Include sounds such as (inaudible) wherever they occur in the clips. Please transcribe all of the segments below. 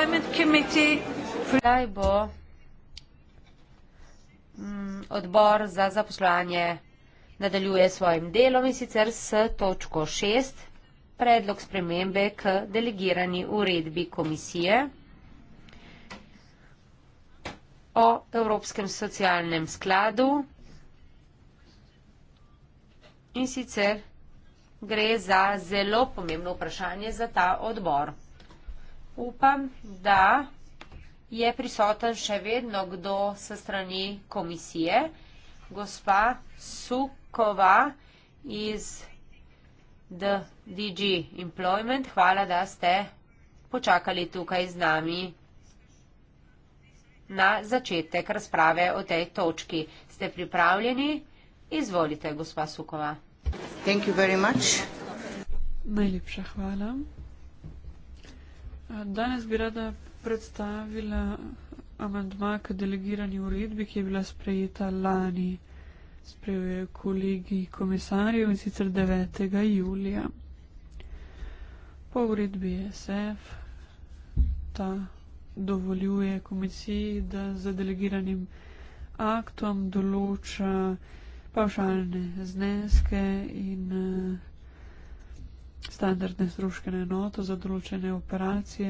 employment committee kdaj bo mm, odbor za zaposlovanje nadaljuje svojim delom in sicer s točko 6 predlog spremembe k delegirani uredbi komisije o Evropskem socialnem skladu in sicer gre za zelo pomembno vprašanje za ta odbor upam, da je prisoten še vedno kdo se strani komisije. Gospa Sukova iz The DG Employment, hvala, da ste počakali tukaj z nami na začetek razprave o tej točki. Ste pripravljeni? Izvolite, gospa Sukova. Najlepša hvala. Danes bi rada predstavila amandma k delegirani uredbi, ki je bila sprejeta lani. Sprejel je kolegi komisarjev in sicer 9. julija. Po uredbi SF ta dovoljuje komisiji, da za delegiranim aktom določa pavšalne zneske in uh, standardne stroškene enote za določene operacije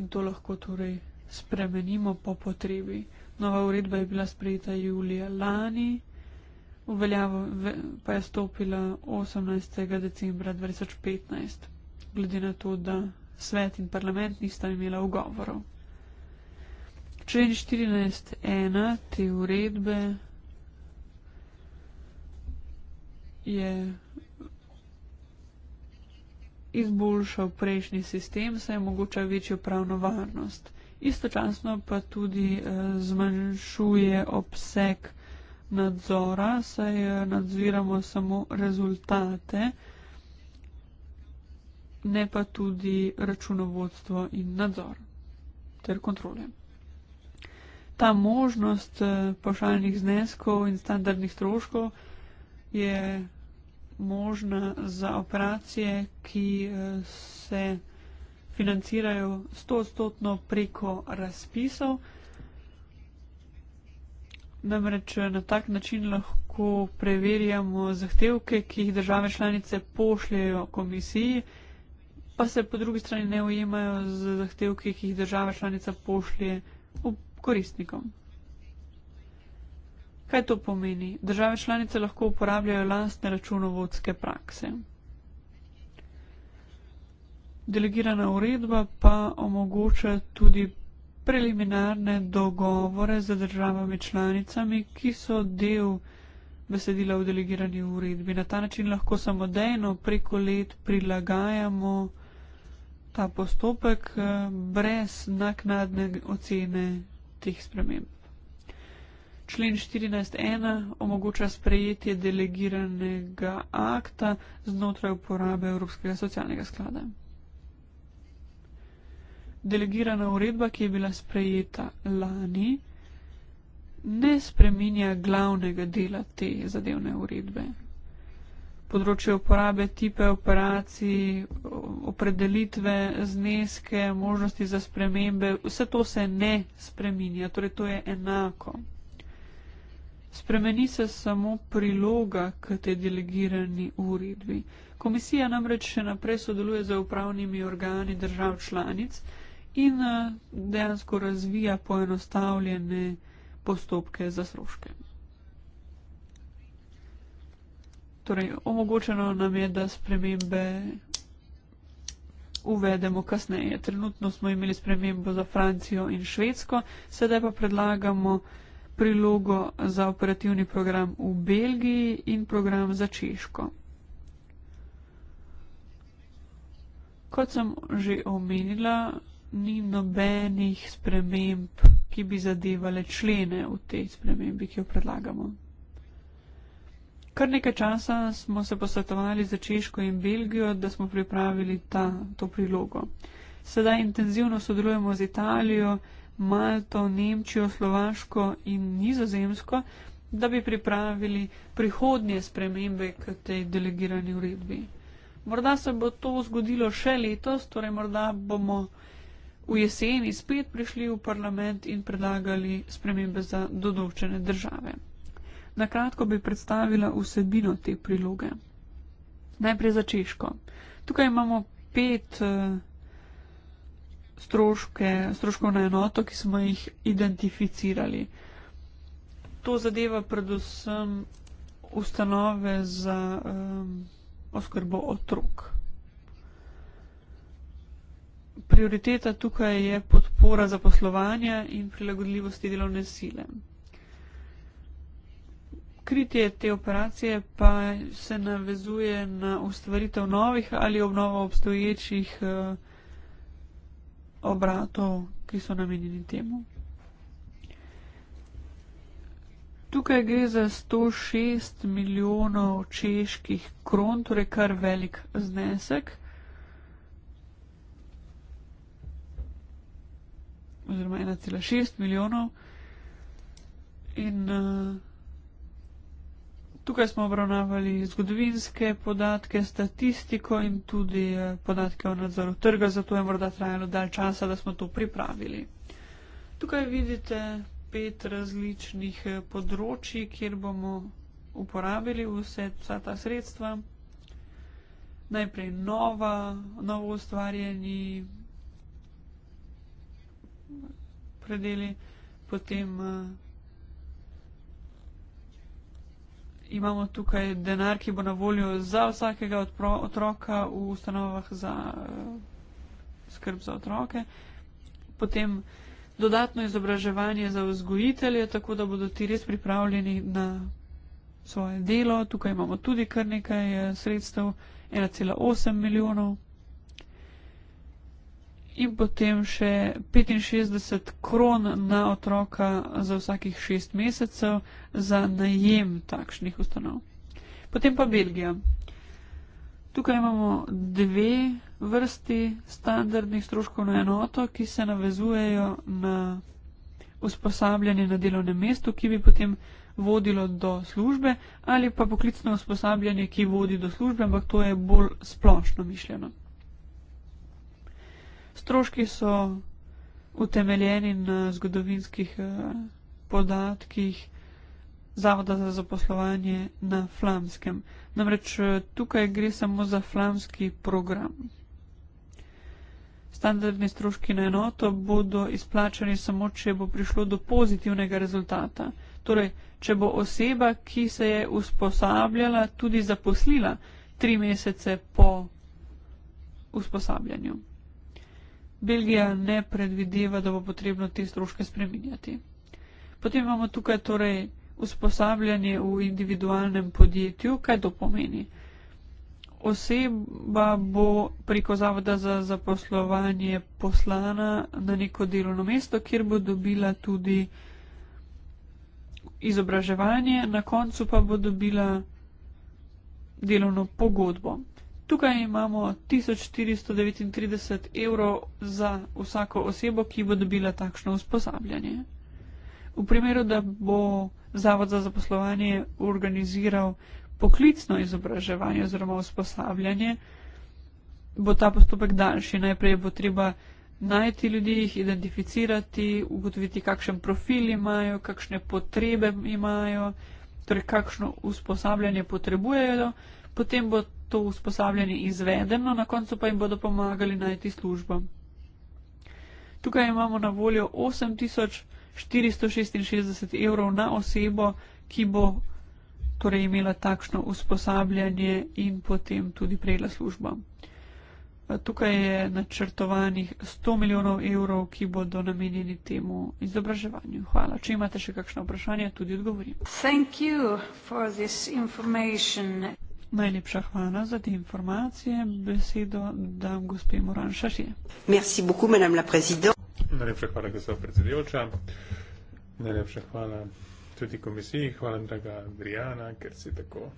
in to lahko torej spremenimo po potrebi. Nova uredba je bila sprejeta julija lani, uveljavo pa je stopila 18. decembra 2015, glede na to, da svet in parlament nista imela ugovorov. Člen 14.1 te uredbe je izboljšal prejšnji sistem, saj je mogoča večjo pravno varnost. Istočasno pa tudi eh, zmanjšuje obseg nadzora, saj eh, nadziramo samo rezultate, ne pa tudi računovodstvo in nadzor ter kontrole. Ta možnost eh, pošaljnih zneskov in standardnih stroškov je možna za operacije, ki eh, se financirajo 100-stotno preko razpisov. Namreč eh, na tak način lahko preverjamo zahtevke, ki jih države članice pošljajo komisiji, pa se po drugi strani ne ujemajo z zahtevki, ki jih država članica pošlje koristnikom. Kaj to pomeni? Države članice lahko uporabljajo lastne računovodske prakse. Delegirana uredba pa omogoča tudi preliminarne dogovore z državami članicami, ki so del besedila v delegirani uredbi. Na ta način lahko samodejno preko let prilagajamo ta postopek eh, brez naknadne ocene teh sprememb. Člen 14.1 omogoča sprejetje delegiranega akta znotraj uporabe Evropskega socialnega sklada. Delegirana uredba, ki je bila sprejeta lani, ne spreminja glavnega dela te zadevne uredbe. Področje uporabe, tipe operacij, opredelitve, zneske, možnosti za spremembe, vse to se ne spreminja, torej to je enako. Spremeni se samo priloga k tej delegirani uredbi. Komisija namreč še naprej sodeluje z upravnimi organi držav članic in eh, dejansko razvija poenostavljene postopke za stroške. Torej, omogočeno nam je, da spremembe uvedemo kasneje. Trenutno smo imeli spremembo za Francijo in Švedsko, sedaj pa predlagamo, da prilogo za operativni program v Belgiji in program za Češko. Kot sem že omenila, ni nobenih sprememb, ki bi zadevale člene v tej spremembi, ki jo predlagamo. Kar nekaj časa smo se posvetovali za Češko in Belgijo, da smo pripravili ta, to prilogo. Sedaj intenzivno sodelujemo z Italijo. Malto, Nemčijo, Slovaško in Nizozemsko, da bi pripravili prihodnje spremembe k tej delegirani uredbi. Morda se bo to zgodilo še letos, torej morda bomo v jeseni spet prišli v parlament in predlagali spremembe za določene države. Na kratko bi predstavila vsebino te priloge. Najprej za Češko. Tukaj imamo pet eh, stroške, stroškovno enoto, ki smo jih identificirali. To zadeva predvsem ustanove za um, oskrbo otrok. Prioriteta tukaj je podpora zaposlovanja in prilagodljivosti delovne sile. Kritje te operacije pa se navezuje na ustvaritev novih ali obnovo obstoječih uh, obratov, ki so namenjeni temu. Tukaj gre za 106 milijonov čeških kron, torej kar velik znesek. Oziroma 1,6 milijonov. In uh, Tukaj smo obravnavali zgodovinske podatke, statistiko in tudi eh, podatke o nadzoru trga, zato je morda trajalo dalj časa, da smo to pripravili. Tukaj vidite pet različnih eh, področji, kjer bomo uporabili vse, vsa ta sredstva. Najprej nova, novo ustvarjeni predeli, potem eh, imamo tukaj denar, ki bo na voljo za vsakega otroka v ustanovah za uh, skrb za otroke. Potem dodatno izobraževanje za vzgojitelje, tako da bodo ti res pripravljeni na svoje delo. Tukaj imamo tudi kar nekaj eh, sredstev, 1,8 milijonov in potem še 65 kron na otroka za vsakih 6 mesecev za najem takšnih ustanov. Potem pa Belgija. Tukaj imamo dve vrsti standardnih stroškov na enoto, ki se navezujejo na usposabljanje na delovnem mestu, ki bi potem vodilo do službe ali pa poklicno usposabljanje, ki vodi do službe, ampak to je bolj splošno mišljeno stroški so utemeljeni na zgodovinskih eh, podatkih Zavoda za zaposlovanje na flamskem. Namreč eh, tukaj gre samo za flamski program. Standardni stroški na enoto bodo izplačani samo, če bo prišlo do pozitivnega rezultata. Torej, če bo oseba, ki se je usposabljala, tudi zaposlila tri mesece po usposabljanju. Belgija ne predvideva, da bo potrebno te stroške spreminjati. Potem imamo tukaj torej usposabljanje v individualnem podjetju, kaj to pomeni. Oseba bo preko zavoda za zaposlovanje poslana na neko delovno mesto, kjer bo dobila tudi izobraževanje, na koncu pa bo dobila delovno pogodbo. Tukaj imamo 1439 evrov za vsako osebo, ki bo dobila takšno usposabljanje. V primeru, da bo Zavod za zaposlovanje organiziral poklicno izobraževanje oziroma usposabljanje, bo ta postopek daljši. Najprej bo treba najti ljudi, jih identificirati, ugotoviti, kakšen profil imajo, kakšne potrebe imajo, torej kakšno usposabljanje potrebujejo. Do potem bo to usposabljanje izvedeno, na koncu pa jim bodo pomagali najti službo. Tukaj imamo na voljo 8466 evrov na osebo, ki bo torej imela takšno usposabljanje in potem tudi prejela službo. Tukaj je načrtovanih 100 milijonov evrov, ki bodo namenjeni temu izobraževanju. Hvala. Če imate še kakšno vprašanje, tudi odgovorim. Thank you for this information. Najlepša hvala za te informacije. Besedo dam gospe Moran Šašje. Merci beaucoup, madame la présidente. Najlepša hvala, gospod predsedujoča. Najlepša hvala tudi komisiji. Hvala, draga Adriana, ker si tako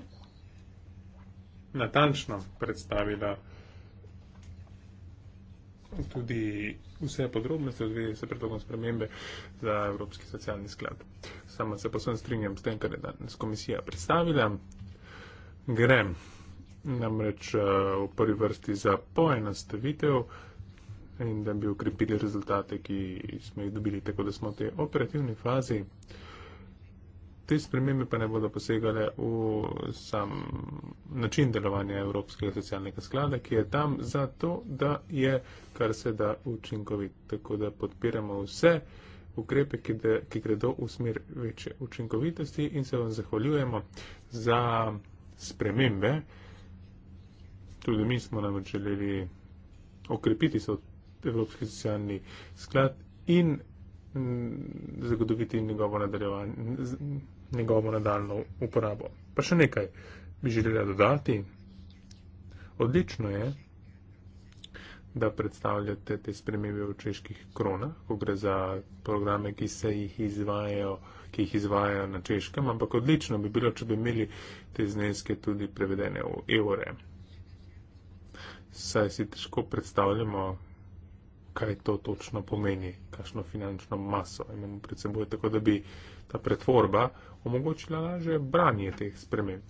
natančno predstavila tudi vse podrobnosti v zvezi s predlogom spremembe za Evropski socialni sklad. Sama se posebej strinjam s tem, kar je danes komisija predstavila grem namreč eh, v prvi vrsti za poenostavitev in da bi ukrepili rezultate, ki smo jih dobili, tako da smo v tej operativni fazi. Te spremembe pa ne bodo posegale v sam način delovanja Evropskega socialnega sklada, ki je tam zato, da je kar se da učinkovit. Tako da podpiramo vse ukrepe, ki, de, ki gredo v smer večje učinkovitosti in se vam zahvaljujemo za spremembe. Tudi mi smo namreč želeli okrepiti se od Evropski socialni sklad in mm, zagotoviti njegovo, njegovo nadaljno uporabo. Pa še nekaj bi želela dodati. Odlično je, da predstavljate te spremembe v čeških kronah, ko gre za programe, ki se jih izvajajo ki jih izvajajo na češkem, ampak odlično bi bilo, če bi imeli te zneske tudi prevedene v evre. Saj si težko predstavljamo, kaj to točno pomeni, kakšno finančno maso imamo pred seboj, tako da bi ta pretvorba omogočila lažje branje teh sprememb.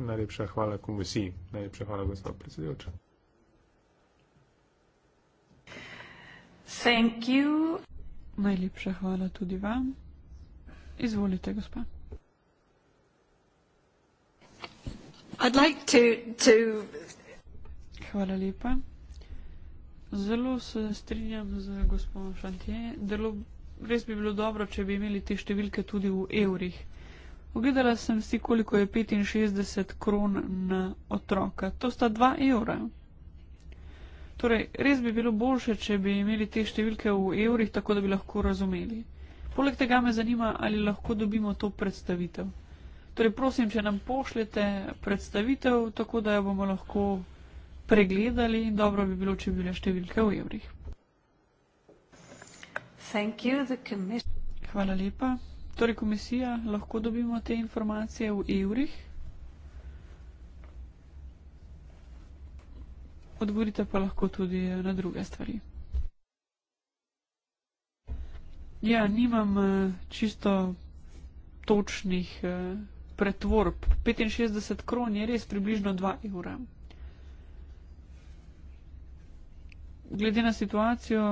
Najlepša hvala komisiji, najlepša hvala gospod predsedujoča. Thank you. Najlepša hvala tudi vam. Izvolite, gospa. Hvala lepa. Zelo se strinjam z gospodom Šantje. Res bi bilo dobro, če bi imeli te številke tudi v evrih. Ogledala sem si, koliko je 65 kron na otroka. To sta 2 evra. Torej, res bi bilo boljše, če bi imeli te številke v evrih, tako da bi lahko razumeli. Poleg tega me zanima, ali lahko dobimo to predstavitev. Torej, prosim, če nam pošljete predstavitev, tako da jo bomo lahko pregledali in dobro bi bilo, če bi bile številke v evrih. Hvala lepa. Torej, komisija, lahko dobimo te informacije v evrih? odgovorite pa lahko tudi na druge stvari. Ja, nimam eh, čisto točnih eh, pretvorb. 65 kron je res približno 2 evra. Glede na situacijo,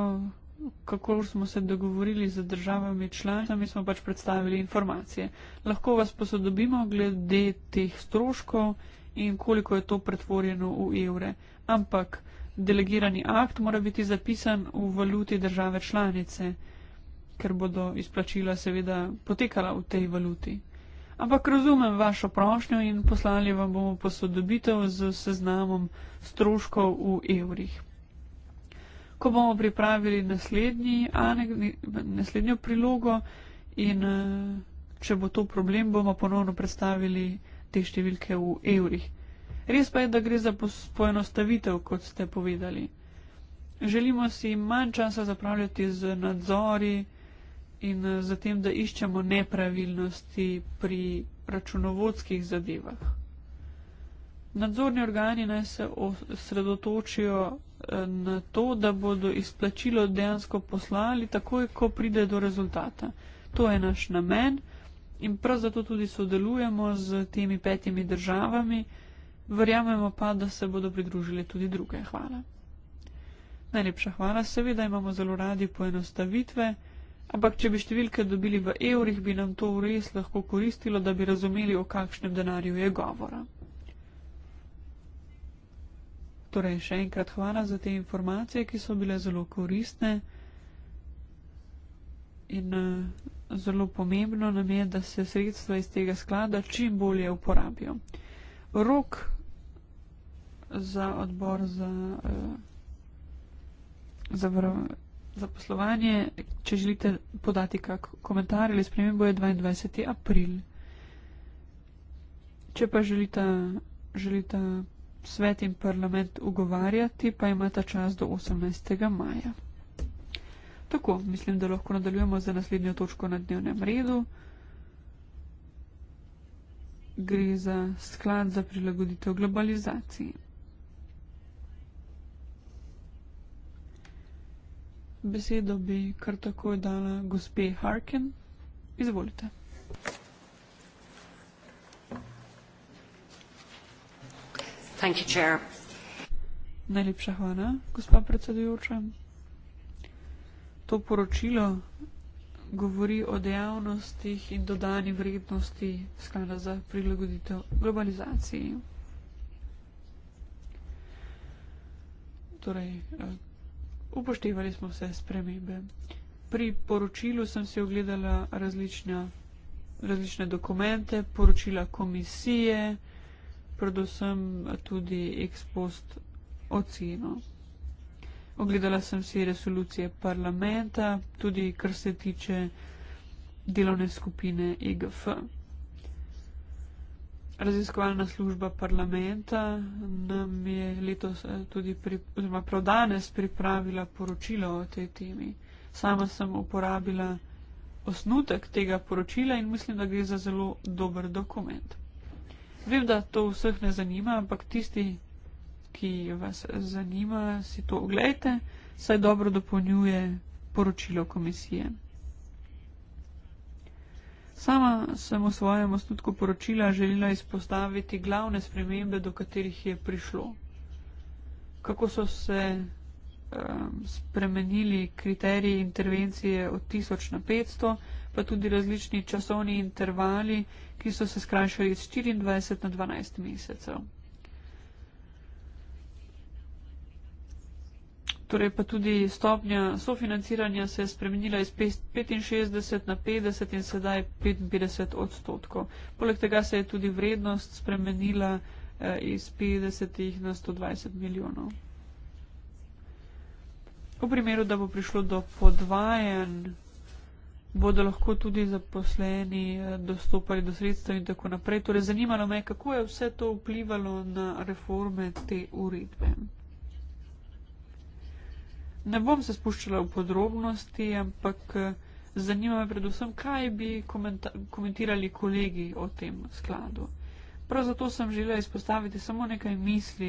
kako smo se dogovorili z državami članicami, smo pač predstavili informacije. Lahko vas posodobimo glede teh stroškov in koliko je to pretvorjeno v evre. Ampak delegirani akt mora biti zapisan v valuti države članice, ker bodo izplačila seveda potekala v tej valuti. Ampak razumem vašo prošnjo in poslali vam bomo posodobitev z seznamom stroškov v evrih. Ko bomo pripravili naslednji, anek, naslednjo prilogo in eh, če bo to problem, bomo ponovno predstavili te številke v evrih. Res pa je, da gre za poenostavitev, kot ste povedali. Želimo si manj časa zapravljati z nadzori in zatem, da iščemo nepravilnosti pri računovodskih zadevah. Nadzorni organi naj se osredotočijo eh, na to, da bodo izplačilo dejansko poslali takoj, ko pride do rezultata. To je naš namen in prav zato tudi sodelujemo z temi petimi državami, verjamemo pa, da se bodo pridružile tudi druge. Hvala. Najlepša hvala, seveda imamo zelo radi poenostavitve, ampak če bi številke dobili v evrih, bi nam to res lahko koristilo, da bi razumeli, o kakšnem denarju je govora. Torej, še enkrat hvala za te informacije, ki so bile zelo koristne in uh, zelo pomembno nam je, da se sredstva iz tega sklada čim bolje uporabijo. Rok za odbor za, uh, za, vrv, za poslovanje, če želite podati kak komentar ali spremembo, je 22. april. Če pa želite, želite svet in parlament ugovarjati, pa imate čas do 18. maja. Tako, mislim, da lahko nadaljujemo za naslednjo točko na dnevnem redu. Gre za sklad za prilagoditev globalizaciji. Besedo bi kar takoj dala gospe Harkin. Izvolite. Najlepša hvala, gospa predsedujoča to poročilo govori o dejavnostih in dodani vrednosti sklada za prilagoditev globalizaciji. Torej, eh, upoštevali smo vse spremembe. Pri poročilu sem si ogledala različna, različne dokumente, poročila komisije, predvsem tudi ex post oceno. Ogledala sem si resolucije parlamenta, tudi kar se tiče delovne skupine EGF. Raziskovalna služba parlamenta nam je letos eh, tudi, pri, oziroma prav danes, pripravila poročilo o tej temi. Sama sem uporabila osnutek tega poročila in mislim, da gre za zelo dober dokument. Vem, da to vseh ne zanima, ampak tisti, ki vas zanima, si to oglejte, saj dobro dopolnjuje poročilo komisije. Sama sem v svojem osnutku poročila želela izpostaviti glavne spremembe, do katerih je prišlo. Kako so se um, spremenili kriteriji intervencije od 1000 na 500, pa tudi različni časovni intervali, ki so se skrajšali iz 24 na 12 mesecev. torej pa tudi stopnja sofinanciranja se je spremenila iz 65 na 50 in sedaj 55 odstotkov. Poleg tega se je tudi vrednost spremenila eh, iz 50 na 120 milijonov. V primeru, da bo prišlo do podvajanj, bodo lahko tudi zaposleni eh, dostopali do sredstev in tako naprej. Torej, zanimalo me je, kako je vse to vplivalo na reforme te uredbe. Ne bom se spuščala v podrobnosti, ampak eh, zanima me predvsem, kaj bi komentirali kolegi o tem skladu. Prav zato sem želela izpostaviti samo nekaj misli,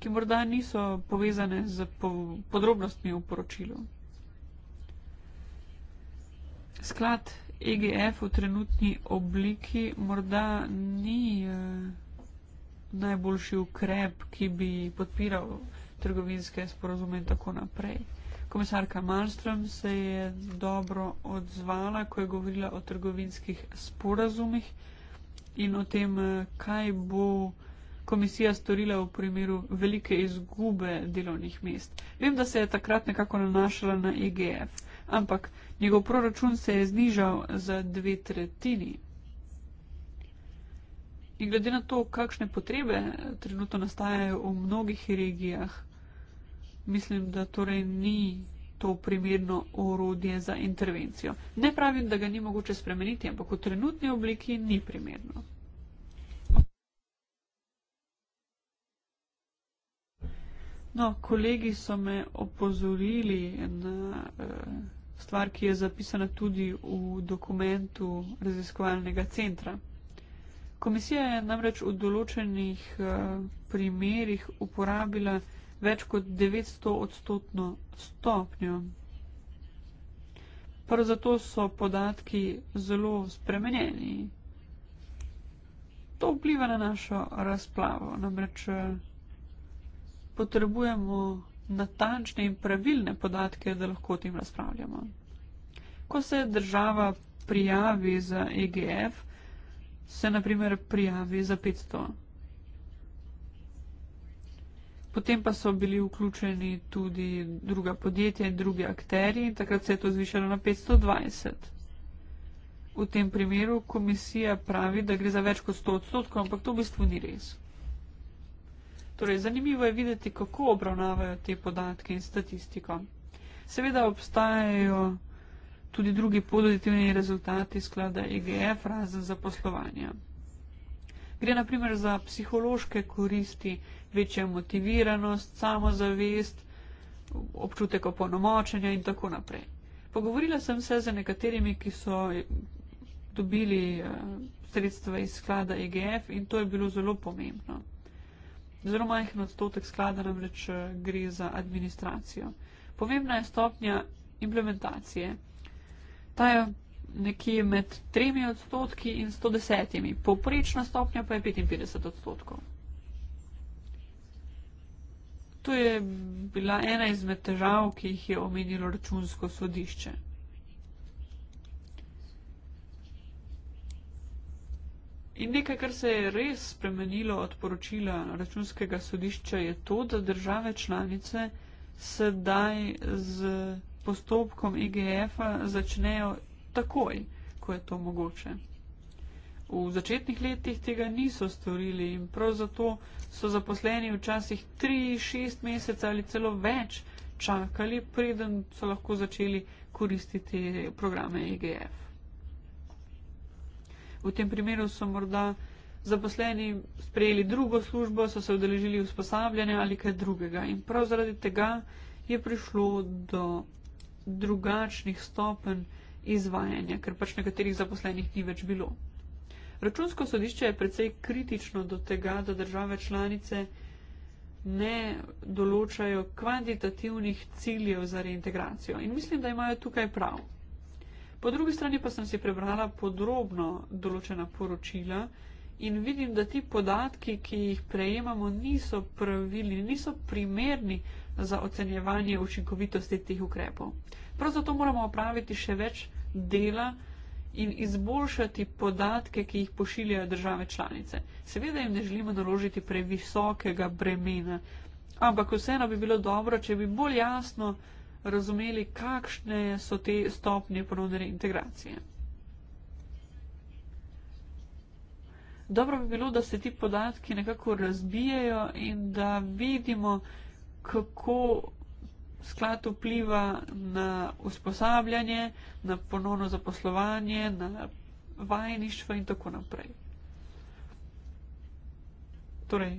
ki morda niso povezane z podrobnostmi v poročilu. Sklad EGF v trenutni obliki morda ni eh, najboljši ukrep, ki bi podpiral trgovinske sporozume in tako naprej. Komisarka Malmström se je dobro odzvala, ko je govorila o trgovinskih sporazumih in o tem, eh, kaj bo komisija storila v primeru velike izgube delovnih mest. Vem, da se je takrat nekako nanašala na EGF, ampak njegov proračun se je znižal za dve tretjini. In glede na to, kakšne potrebe eh, trenutno nastajajo v mnogih regijah, mislim, da torej ni to primerno orodje za intervencijo. Ne pravim, da ga ni mogoče spremeniti, ampak v trenutni obliki ni primerno. No, kolegi so me opozorili na eh, stvar, ki je zapisana tudi v dokumentu raziskovalnega centra. Komisija je namreč v določenih eh, primerjih uporabila več kot 900 odstotno stopnjo. Prav zato so podatki zelo spremenjeni. To vpliva na našo razplavo, namreč eh, potrebujemo natančne in pravilne podatke, da lahko o tem razpravljamo. Ko se država prijavi za EGF, se naprimer prijavi za 500 odstotno. Potem pa so bili vključeni tudi druga podjetja in drugi akteri in takrat se je to zvišalo na 520. V tem primeru komisija pravi, da gre za več kot 100 odstotkov, ampak to v bistvu ni res. Torej, zanimivo je videti, kako obravnavajo te podatke in statistiko. Seveda obstajajo tudi drugi pozitivni rezultati sklada EGF razen za poslovanje. Gre naprimer za psihološke koristi, večja motiviranost, samozavest, občutek opolnomočenja in tako naprej. Pogovorila sem se z nekaterimi, ki so dobili eh, sredstva iz sklada EGF in to je bilo zelo pomembno. Zelo majhen odstotek sklada namreč eh, gre za administracijo. Pomembna je stopnja implementacije. Ta je nekje med 3 odstotki in 110. Poprečna stopnja pa je 55 odstotkov. To je bila ena izmed težav, ki jih je omenilo računsko sodišče. In nekaj, kar se je res spremenilo od poročila računskega sodišča, je to, da države članice sedaj z postopkom EGF-a začnejo takoj, ko je to mogoče. V začetnih letih tega niso storili in prav zato so zaposleni včasih tri, šest mesecev ali celo več čakali, preden so lahko začeli koristiti programe IGF. E v tem primeru so morda zaposleni sprejeli drugo službo, so se vdeležili usposabljanja ali kaj drugega in prav zaradi tega je prišlo do drugačnih stopenj izvajanja, ker pač nekaterih zaposlenih ni več bilo. Računsko sodišče je precej kritično do tega, da države članice ne določajo kvantitativnih ciljev za reintegracijo. In mislim, da imajo tukaj prav. Po drugi strani pa sem si prebrala podrobno določena poročila in vidim, da ti podatki, ki jih prejemamo, niso pravilni, niso primerni za ocenjevanje učinkovitosti teh ukrepov. Prav zato moramo opraviti še več dela in izboljšati podatke, ki jih pošiljajo države članice. Seveda jim ne želimo naložiti previsokega bremena, ampak vseeno bi bilo dobro, če bi bolj jasno razumeli, kakšne so te stopnje ponovne reintegracije. Dobro bi bilo, da se ti podatki nekako razbijajo in da vidimo, kako sklad vpliva na usposabljanje, na ponovno zaposlovanje, na vajništvo in tako naprej. Torej,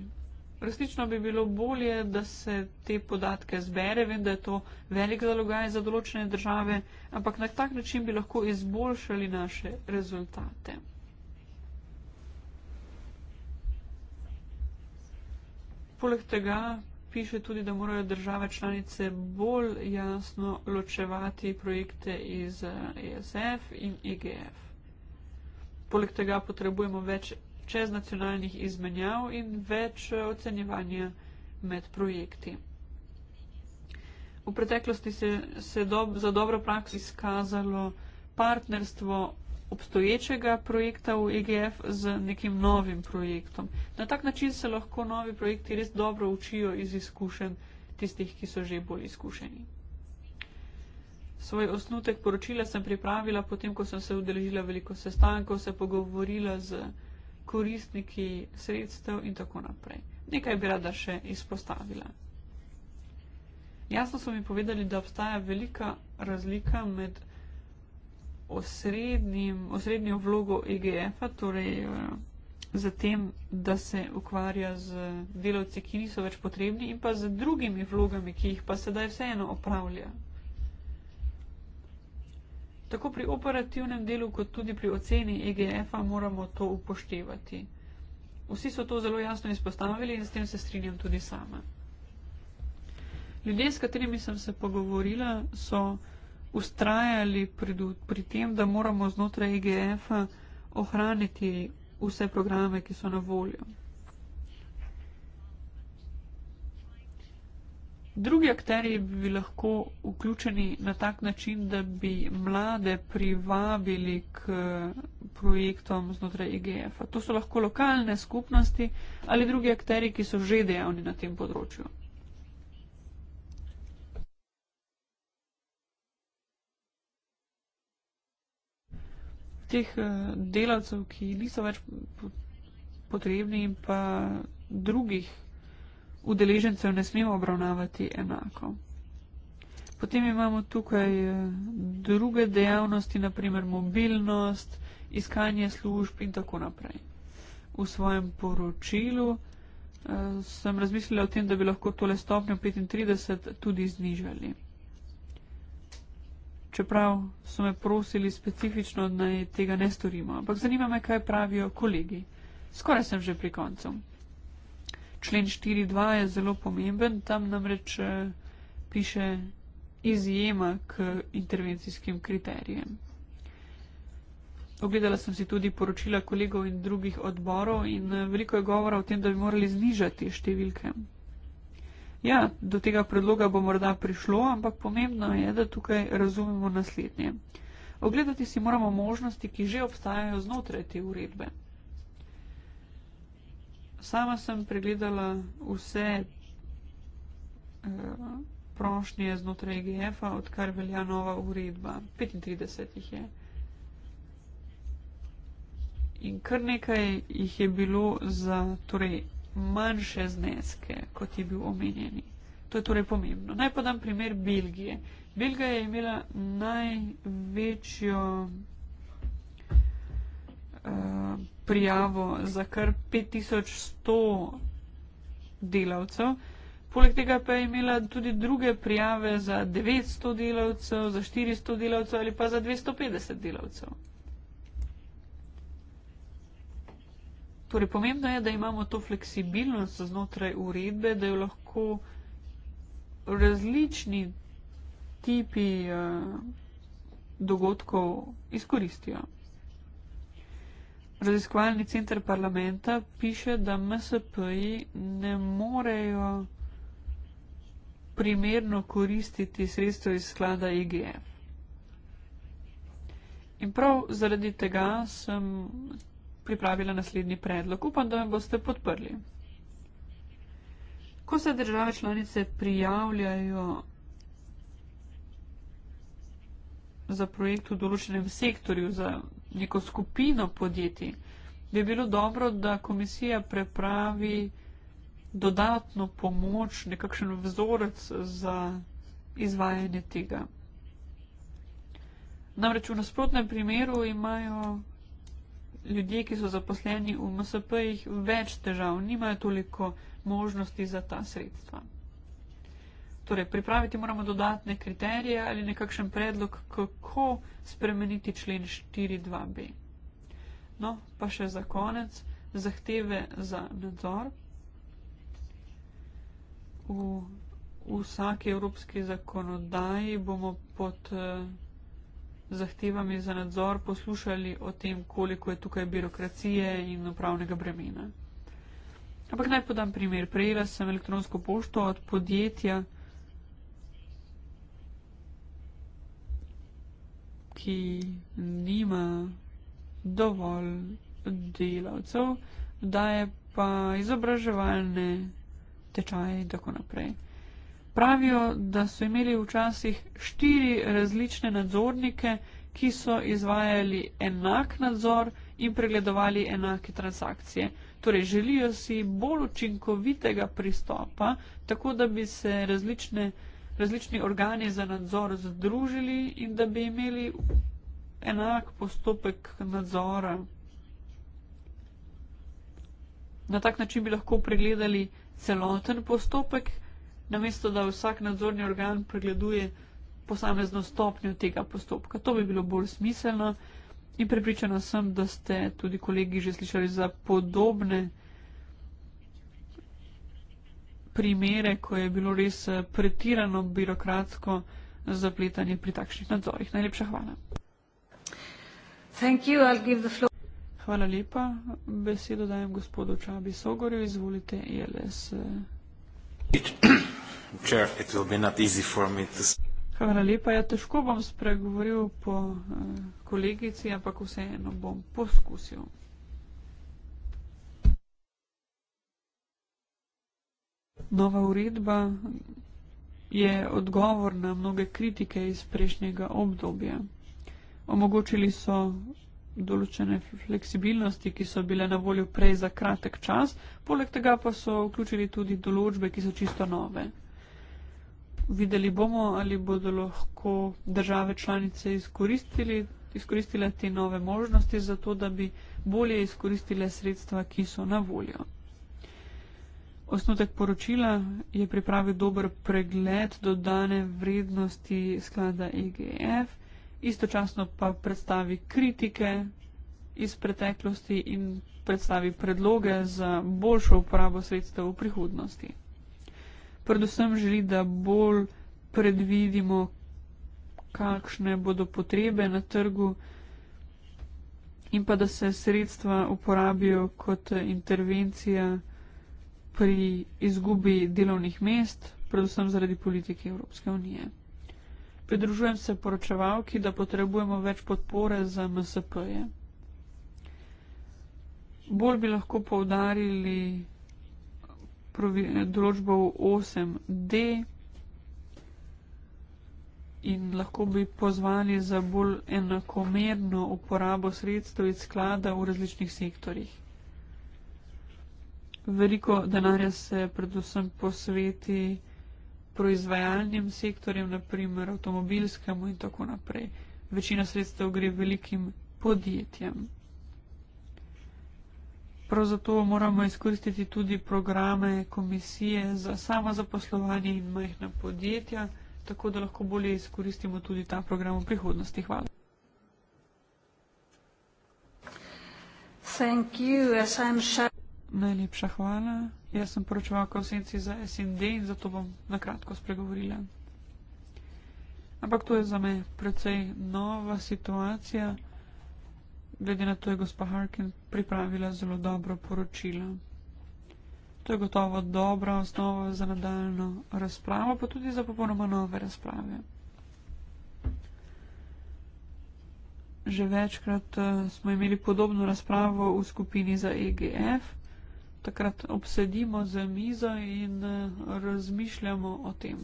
resnično bi bilo bolje, da se te podatke zbere, vem, da je to velik zalogaj za določene države, ampak na tak način bi lahko izboljšali naše rezultate. Poleg tega piše tudi, da morajo države članice bolj jasno ločevati projekte iz ESF eh, e in EGF. Poleg tega potrebujemo več čeznacionalnih izmenjav in več eh, ocenjevanja med projekti. V preteklosti se je do, za dobro prakso izkazalo partnerstvo obstoječega projekta v EGF z nekim novim projektom. Na tak način se lahko novi projekti res dobro učijo iz izkušenj tistih, ki so že bolj izkušeni. Svoj osnutek poročila sem pripravila potem, ko sem se udeležila veliko sestankov, se pogovorila z koristniki sredstev in tako naprej. Nekaj bi rada še izpostavila. Jasno so mi povedali, da obstaja velika razlika med osrednjim, osrednjo vlogo EGF-a, torej eh, za tem, da se ukvarja z delavci, ki niso več potrebni in pa z drugimi vlogami, ki jih pa sedaj vseeno opravlja. Tako pri operativnem delu, kot tudi pri oceni EGF-a moramo to upoštevati. Vsi so to zelo jasno izpostavili in s tem se strinjam tudi sama. Ljudje, s katerimi sem se pogovorila, so ustrajali pri, pri tem, da moramo znotraj IGF-a e ohraniti vse programe, ki so na voljo. Drugi akteri bi bili lahko vključeni na tak način, da bi mlade privabili k projektom znotraj IGF-a. E to so lahko lokalne skupnosti ali drugi akteri, ki so že dejavni na tem področju. teh eh, delavcev, ki niso več potrebni, in pa drugih udeležencev ne smemo obravnavati enako. Potem imamo tukaj eh, druge dejavnosti, naprimer mobilnost, iskanje služb in tako naprej. V svojem poročilu eh, sem razmislila o tem, da bi lahko tole stopnjo 35 tudi znižali čeprav so me prosili specifično, naj tega ne storimo. Ampak zanima me, kaj pravijo kolegi. Skoraj sem že pri koncu. Člen 4.2 je zelo pomemben, tam namreč eh, piše izjema k intervencijskim kriterijem. Ogledala sem si tudi poročila kolegov in drugih odborov in eh, veliko je govora o tem, da bi morali znižati številke. Ja, do tega predloga bo morda prišlo, ampak pomembno je, da tukaj razumemo naslednje. Ogledati si moramo možnosti, ki že obstajajo znotraj te uredbe. Sama sem pregledala vse eh, prošnje znotraj EGF-a, odkar velja nova uredba. 35 jih je. In kar nekaj jih je bilo za torej manjše zneske, kot je bil omenjeni. To je torej pomembno. Naj podam primer Belgije. Belgija je imela največjo uh, prijavo za kar 5100 delavcev, poleg tega pa je imela tudi druge prijave za 900 delavcev, za 400 delavcev ali pa za 250 delavcev. Torej, pomembno je, da imamo to fleksibilnost znotraj uredbe, da jo lahko različni tipi uh, dogodkov izkoristijo. Raziskovalni center parlamenta piše, da MSP-ji ne morejo primerno koristiti sredstvo iz sklada IGF. E In prav zaradi tega sem pripravila naslednji predlog. Upam, da me boste podprli. Ko se države članice prijavljajo za projekt v določenem sektorju, za neko skupino podjetij, bi bilo dobro, da komisija prepravi dodatno pomoč, nekakšen vzorec za izvajanje tega. Namreč v nasprotnem primeru imajo ljudje, ki so zaposleni v MSP-jih, več težav, nimajo toliko možnosti za ta sredstva. Torej, pripraviti moramo dodatne kriterije ali nekakšen predlog, kako spremeniti člen 4.2b. No, pa še za konec, zahteve za nadzor. V vsaki evropski zakonodaji bomo pod. Uh, zahtevami za nadzor poslušali o tem, koliko je tukaj birokracije in upravnega bremena. Ampak naj podam primer. Prejela sem elektronsko pošto od podjetja, ki nima dovolj delavcev, daje pa izobraževalne tečaje in tako naprej. Pravijo, da so imeli včasih štiri različne nadzornike, ki so izvajali enak nadzor in pregledovali enake transakcije. Torej, želijo si bolj učinkovitega pristopa, tako da bi se različne, različni organi za nadzor združili in da bi imeli enak postopek nadzora. Na tak način bi lahko pregledali celoten postopek namesto da vsak nadzorni organ pregleduje posamezno stopnjo tega postopka. To bi bilo bolj smiselno in prepričana sem, da ste tudi kolegi že slišali za podobne primere, ko je bilo res eh, pretirano birokratsko zapletanje pri takšnih nadzorih. Najlepša hvala. You, hvala lepa. Besedo dajem gospodu Čabi Sogorju. Izvolite, Jeles. (clears throat) Hvala lepa. Ja, težko bom spregovoril po eh, kolegici, ampak vseeno bom poskusil. Nova uredba je odgovor na mnoge kritike iz prejšnjega obdobja. Omogočili so določene fleksibilnosti, ki so bile na voljo prej za kratek čas, poleg tega pa so vključili tudi določbe, ki so čisto nove. Videli bomo, ali bodo lahko države članice izkoristile te nove možnosti za to, da bi bolje izkoristile sredstva, ki so na voljo. Osnutek poročila je pripravil dober pregled dodane vrednosti sklada EGF, istočasno pa predstavi kritike iz preteklosti in predstavi predloge za boljšo uporabo sredstev v prihodnosti predvsem želi, da bolj predvidimo, kakšne bodo potrebe na trgu in pa da se sredstva uporabijo kot intervencija pri izgubi delovnih mest, predvsem zaradi politike Evropske unije. Pridružujem se poročevalki, da potrebujemo več podpore za MSP-je. Bolj bi lahko poudarili določbo 8D in lahko bi pozvali za bolj enakomerno uporabo sredstev iz sklada v različnih sektorjih. Veliko denarja se predvsem posveti proizvajalnim sektorjem, naprimer avtomobilskemu in tako naprej. Večina sredstev gre velikim podjetjem. Prav zato moramo izkoristiti tudi programe komisije za samozaposlovanje in majhna podjetja, tako da lahko bolje izkoristimo tudi ta program v prihodnosti. Hvala. Najlepša hvala. Jaz sem poročevalka v senci za SND in zato bom nakratko spregovorila. Ampak to je za me precej nova situacija glede na to je gospa Harkin pripravila zelo dobro poročilo. To je gotovo dobra osnova za nadaljno razpravo, pa tudi za popolnoma nove razprave. Že večkrat eh, smo imeli podobno razpravo v skupini za EGF. Takrat obsedimo za mizo in eh, razmišljamo o tem.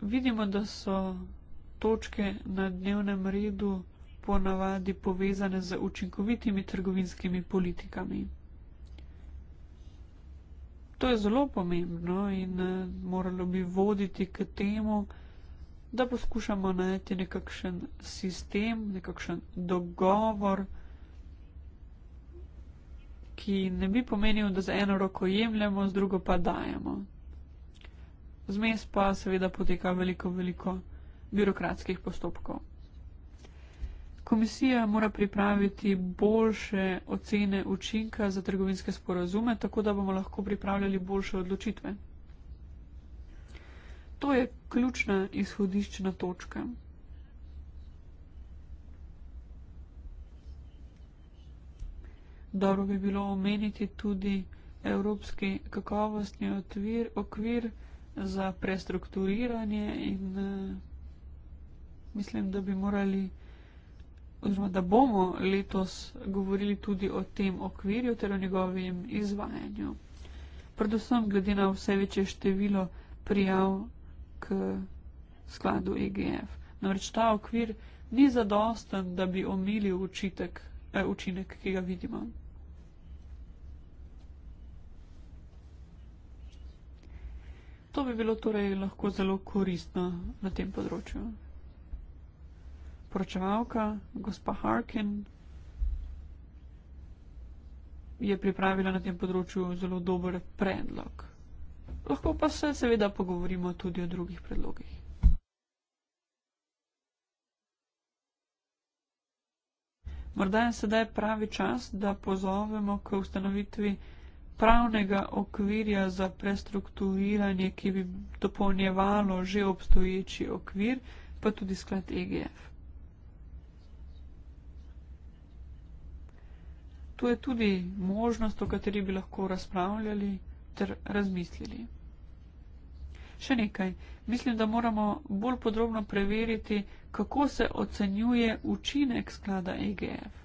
Vidimo, da so točke na dnevnem redu ponavadi povezane z učinkovitimi trgovinskimi politikami. To je zelo pomembno in eh, moralo bi voditi k temu, da poskušamo najti nekakšen sistem, nekakšen dogovor, ki ne bi pomenil, da z eno roko jemljemo, z drugo pa dajemo. Zmes pa seveda poteka veliko, veliko birokratskih postopkov. Komisija mora pripraviti boljše ocene učinka za trgovinske sporazume, tako da bomo lahko pripravljali boljše odločitve. To je ključna izhodiščna točka. Dobro bi bilo omeniti tudi evropski kakovostni okvir za prestrukturiranje in eh, mislim, da bi morali, oziroma da bomo letos govorili tudi o tem okvirju ter o njegovem izvajanju. Predvsem glede na vse večje število prijav k skladu EGF. Namreč ta okvir ni zadosten, da bi omilil učitek, eh, učinek, ki ga vidimo. To bi bilo torej lahko zelo koristno na tem področju poročevalka, gospa Harkin, je pripravila na tem področju zelo dober predlog. Lahko pa se seveda pogovorimo tudi o drugih predlogih. Morda je sedaj pravi čas, da pozovemo k ustanovitvi pravnega okvirja za prestrukturiranje, ki bi dopolnjevalo že obstoječi okvir, pa tudi sklad EGF. Tu je tudi možnost, o kateri bi lahko razpravljali ter razmislili. Še nekaj. Mislim, da moramo bolj podrobno preveriti, kako se ocenjuje učinek sklada EGF.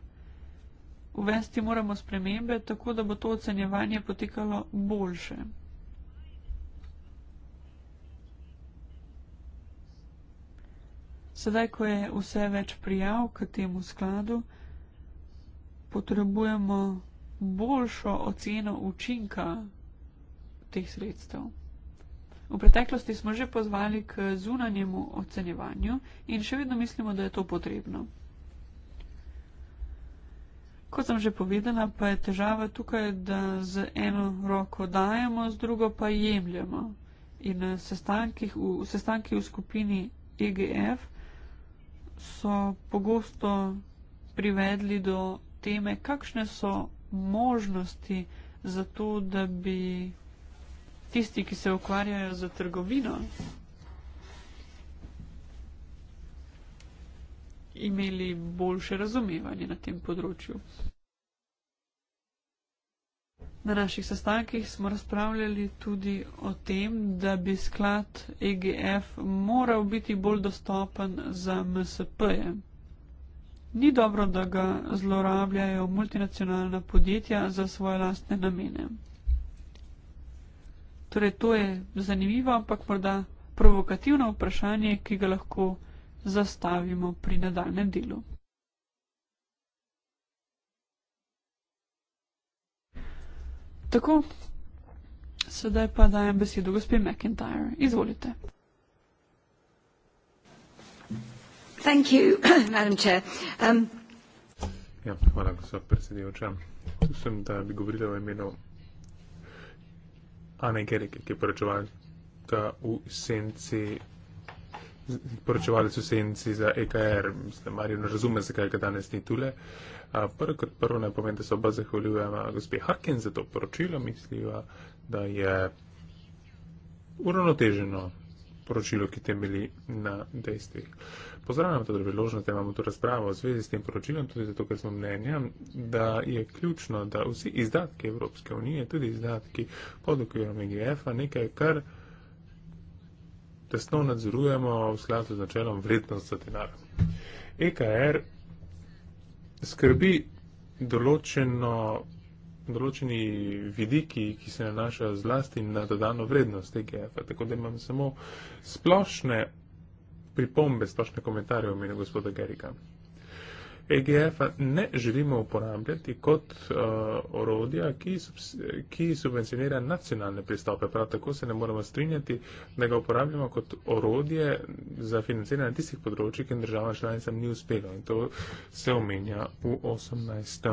Uvesti moramo spremembe, tako da bo to ocenjevanje potekalo boljše. Sedaj, ko je vse več prijav k temu skladu, potrebujemo boljšo oceno učinka teh sredstev. V preteklosti smo že pozvali k zunanjemu ocenjevanju in še vedno mislimo, da je to potrebno. Kot sem že povedala, pa je težava tukaj, da z eno roko dajemo, z drugo pa jemljemo. In eh, sestanki v skupini EGF so pogosto privedli do teme, kakšne so možnosti za to, da bi tisti, ki se ukvarjajo z trgovino, imeli boljše razumevanje na tem področju. Na naših sestankih smo razpravljali tudi o tem, da bi sklad EGF moral biti bolj dostopen za MSP-je. Ni dobro, da ga zlorabljajo multinacionalna podjetja za svoje lastne namene. Torej, to je zanimivo, ampak morda provokativno vprašanje, ki ga lahko zastavimo pri nadaljem delu. Tako, sedaj pa dajem besedo gospe McIntyre. Izvolite. (clears throat) Um, ja, hvala, gospa predsedujoča. Tu sem, da bi govorila o imenu Ane Gerike, ki je poročevalka v senci, poročevalec v senci za EKR. Mislim, Marijo ne razume, zakaj ga danes ni tule. Prvo kot prvo naj povem, da se oba zahvaljujemo gospe Haken za to poročilo. Misliva, da je uravnoteženo poročilo, ki temeli na dejstvih. Pozdravljam to priložnost, da imamo to razpravo v zvezi s tem poročilom, tudi zato, ker smo mnenja, da je ključno, da vsi izdatki Evropske unije, tudi izdatki pod okvirom IGF-a, e nekaj, kar tesno nadzorujemo v skladu z načelom vrednost za denar. EKR skrbi določeno določeni vidiki, ki se nanašajo zlasti na dodano vrednost TGF-a. Tako da imam samo splošne pripombe, splošne komentarje v imenu gospoda Gerika. EGF-a ne želimo uporabljati kot uh, orodja, ki, ki subvencionira nacionalne pristope. Prav tako se ne moramo strinjati, da ga uporabljamo kot orodje za financiranje tistih področji, ki jim država članicam ni uspela. In to se omenja v 18.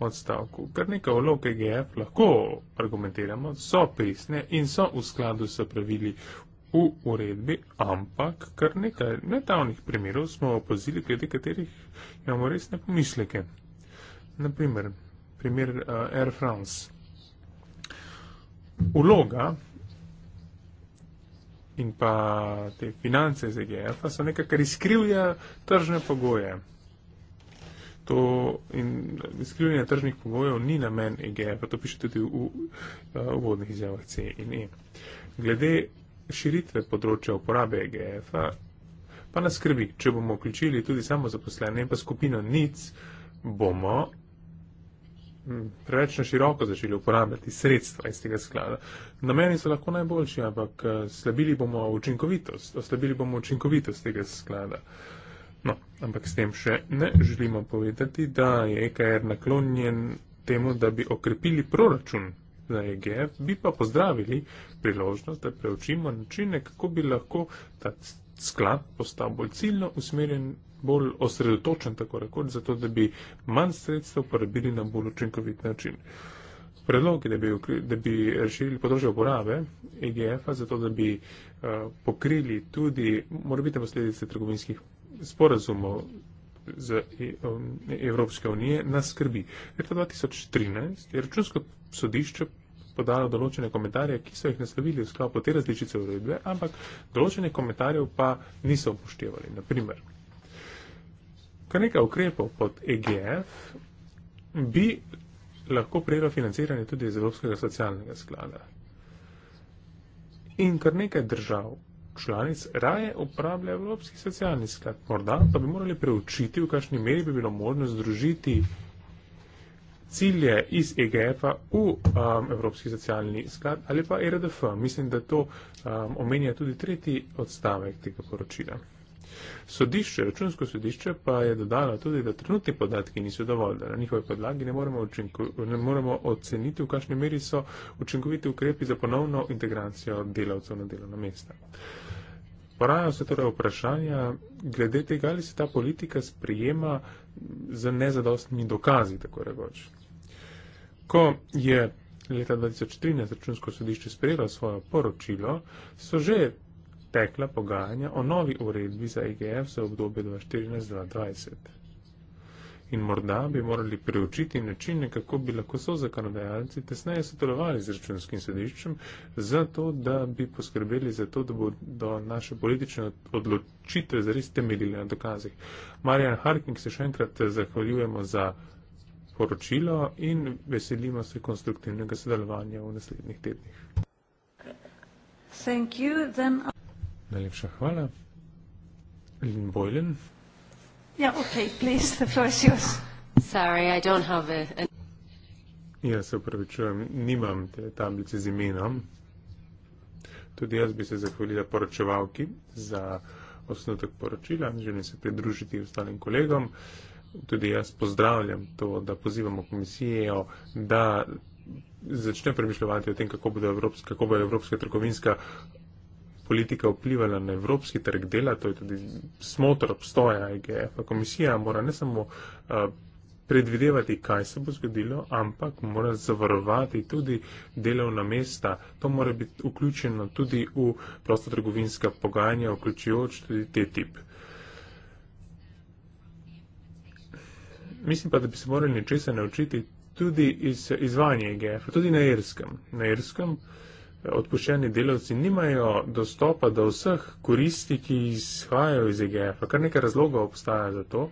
odstavku. Kar nekaj vlog EGF lahko argumentiramo, so pristne in so v skladu s pravili v uredbi, ampak kar nekaj nedavnih primerov smo opozili, glede katerih imamo resne pomisleke. Naprimer, primer uh, Air France. Uloga in pa te finance z EGF-a so nekaj, kar izkrivlja tržne pogoje. To in izkrivljanje tržnih pogojev ni namen EGF-a, to piše tudi v eh, uvodnih izjavah C in E. Glede širitve področja uporabe e GF-a, pa nas skrbi, če bomo vključili tudi samo zaposlene in pa skupino NIC, bomo mm, preveč na široko začeli uporabljati sredstva iz tega sklada. Nameni so lahko najboljši, ampak eh, slabili bomo učinkovitost, oslabili bomo učinkovitost tega sklada. No, ampak s tem še ne želimo povedati, da je EKR naklonjen temu, da bi okrepili proračun za EGF, bi pa pozdravili priložnost, da preučimo načine, kako bi lahko ta sklad postal bolj ciljno usmerjen, bolj osredotočen, tako rekoč, zato da bi manj sredstev porabili na bolj učinkovit način. Predlogi, da bi, da bi razširili področje uporabe EGF-a, zato da bi uh, pokrili tudi morbite posledice trgovinskih sporazumov z e- um, Evropske unije nas skrbi. Leta 2013 je računsko sodišče podalo določene komentarje, ki so jih naslovili v sklopu te različice uredbe, ampak določene komentarje pa niso upoštevali. Naprimer, kar nekaj ukrepov pod EGF bi lahko prejelo financiranje tudi iz Evropskega socialnega sklada. In kar nekaj držav članic raje uporablja Evropski socialni sklad. Morda pa bi morali preučiti, v kakšni meri bi bilo možno združiti cilje iz EGF-a v um, Evropski socialni sklad ali pa e RDF. Mislim, da to um, omenja tudi tretji odstavek tega poročila. Sodišče, računsko sodišče pa je dodalo tudi, da trenutni podatki niso dovolj, da na njihovi podlagi ne moremo, učinko, ne moremo oceniti, v kakšni meri so učinkoviti ukrepi za ponovno integracijo delavcev na delovna mesta. Porajajo se torej vprašanja glede tega, ali se ta politika sprijema z nezadostnimi dokazi, tako rekoč. Ko je leta 2013 računsko sodišče sprejelo svojo poročilo, so že tekla pogajanja o novi uredbi za IGF e za obdobje 2014-2020 in morda bi morali preučiti načine, kako bi lahko so zakonodajalci tesneje sodelovali z računskim sodiščem, zato da bi poskrbeli za to, da bodo naše politične odločitve zares temeljile na dokazih. Marjan Harking se še enkrat zahvaljujemo za poročilo in veselimo se konstruktivnega sodelovanja v naslednjih tednih. Najlepša hvala. Lynn Boylan. Yeah, okay, please, the floor is yours. Sorry, I don't have a... a Jaz se upravičujem, nimam te tablice z imenom. Tudi jaz bi se zahvalila poročevalki za osnotek poročila in želim se pridružiti ostalim kolegom. Tudi jaz pozdravljam to, da pozivamo komisijo, da začne premišljati o tem, kako bo, evropska, kako bo evropska trgovinska uh, politika vplivala na evropski trg dela, to je tudi smotr obstoja IGF-a. Komisija mora ne samo eh, predvidevati, kaj se bo zgodilo, ampak mora zavarovati tudi delovna mesta. To mora biti vključeno tudi v prostotrgovinska pogajanja, vključujoč tudi te tip. Mislim pa, da bi se morali nečesa naučiti tudi iz izvanja IGF-a, tudi na irskem. Na irskem uh, odpuščeni delavci nimajo dostopa do vseh koristi, ki izhajajo iz EGF-a. Kar nekaj razlogov obstaja za to,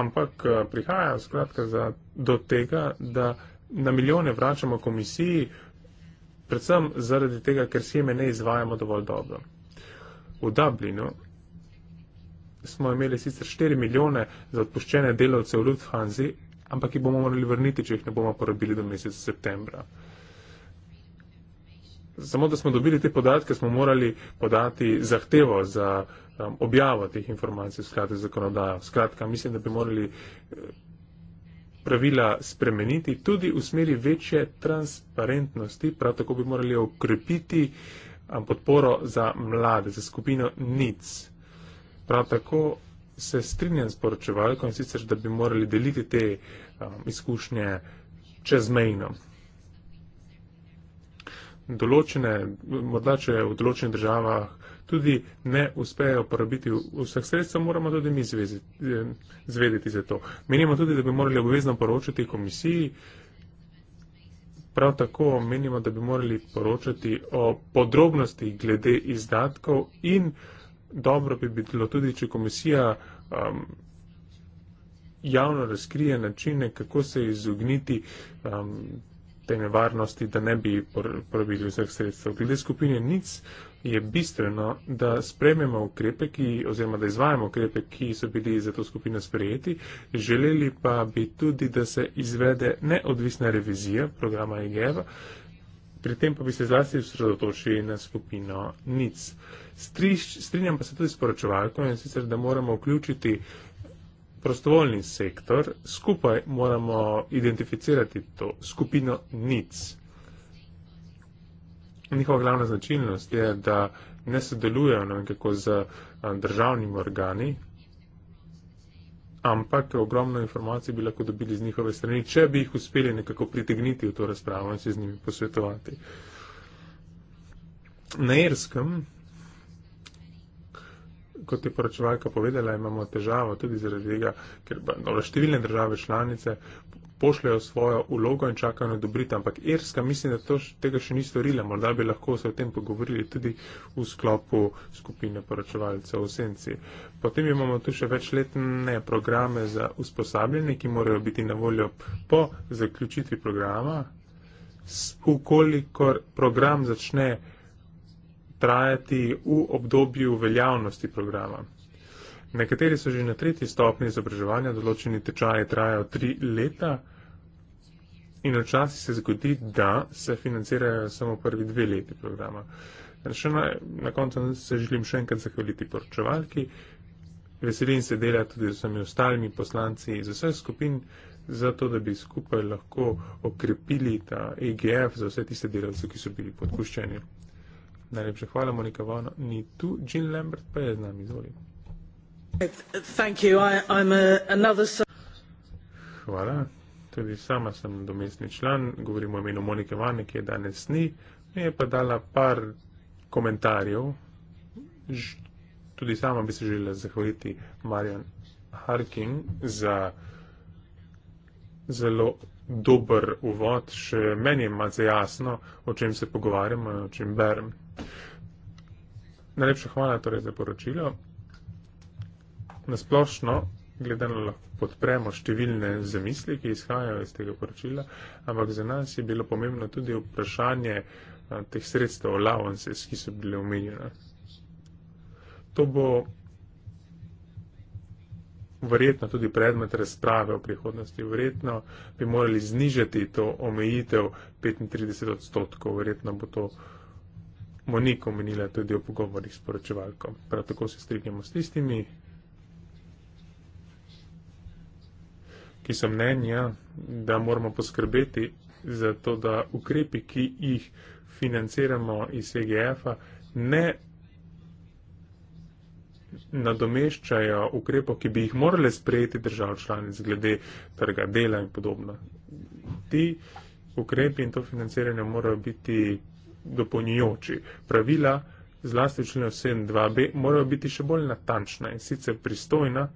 ampak eh, prihaja skratka za, do tega, da na milijone vračamo komisiji, predvsem zaradi tega, ker sheme ne izvajamo dovolj dobro. V Dublinu smo imeli sicer 4 milijone za odpuščene delavce v Lufthansa, ampak jih bomo morali vrniti, če jih ne bomo porabili do meseca septembra. Uh, Samo da smo dobili te podatke, smo morali podati zahtevo za um, objavo teh informacij v skladu z zakonodajo. Skratka, mislim, da bi morali eh, pravila spremeniti tudi v smeri večje transparentnosti, prav tako bi morali okrepiti um, podporo za mlade, za skupino NIC. Prav tako se strinjam s poročevalko in sicer, da bi morali deliti te um, izkušnje čezmejno določene, morda če v določenih državah tudi ne uspejo porabiti vseh sredstev, moramo tudi mi zvedeti za to. Menimo tudi, da bi morali obvezno poročati komisiji, prav tako menimo, da bi morali poročati o podrobnosti glede izdatkov in dobro bi bilo tudi, če komisija um, javno razkrije načine, kako se izogniti. Um, te nevarnosti, da ne bi porabili vseh sredstev. Glede skupine NIC je bistveno, da sprememo ukrepe, ki, oziroma da izvajamo ukrepe, ki so bili za to skupino sprejeti. Želeli pa bi tudi, da se izvede neodvisna revizija programa EGEV, pri tem pa bi se zlasti usredotočili na skupino NIC. Strinjam pa se tudi s poročevalkom in sicer, da moramo vključiti prostovoljni sektor, skupaj moramo identificirati to skupino nic. Njihova glavna značilnost je, da ne sodelujejo nekako z državnim organi, ampak ogromno informacij bi lahko dobili z njihove strani, če bi jih uspeli nekako pritegniti v to razpravo in se z njimi posvetovati. Na Irskem kot je poročevalka povedala, imamo težavo tudi zaradi tega, ker no, številne države članice pošljajo svojo ulogo in čakajo na dobrita, ampak Irska mislim, da to, tega še ni storila. Morda bi lahko se o tem pogovorili tudi v sklopu skupine poročevalcev v Senci. Potem imamo tu še večletne programe za usposabljanje, ki morajo biti na voljo po zaključitvi programa. Ukolikor program začne trajati v obdobju veljavnosti programa. Nekateri so že na tretji stopni izobraževanja, določeni tečaji trajajo tri leta in včasih se zgodi, da se financirajo samo prvi dve leti programa. Še na, na koncu se želim še enkrat zahvaliti poročevalki. Veselim se dela tudi z vsemi ostalimi poslanci iz vseh skupin, zato da bi skupaj lahko okrepili ta EGF za vse tiste delavce, ki so bili podpuščeni. Najlepša hvala, Monika Vano. Ni tu, Jill Lambert pa je z nami, izvoli. Hvala, tudi sama sem domestni član, govorim o imenu Monike Vane, ki je danes ni, mi je pa dala par komentarjev. Tudi sama bi se želela zahvaliti Marjan Harkin za zelo dober uvod, še meni je malce jasno, o čem se pogovarjamo in o čem berem. Najlepša hvala torej za poročilo. Nasplošno gledano lahko podpremo številne zamisli, ki izhajajo iz tega poročila, ampak za nas je bilo pomembno tudi vprašanje teh sredstev allowances, ki so bile omenjene. To bo verjetno tudi predmet razprave v prihodnosti. Verjetno bi morali znižati to omejitev 35 odstotkov. Verjetno bo to. Monika omenila tudi o pogovorih s poročevalko. Prav tako se strinjamo s tistimi, ki so mnenja, da moramo poskrbeti za to, da ukrepi, ki jih financiramo iz EGF-a, ne nadomeščajo ukrepov, ki bi jih morale sprejeti držav članic glede trga dela in podobno. Ti ukrepi in to financiranje morajo biti dopolnjujoči. Pravila, zlasti členov 7.2b, morajo biti še bolj natančna in sicer pristojna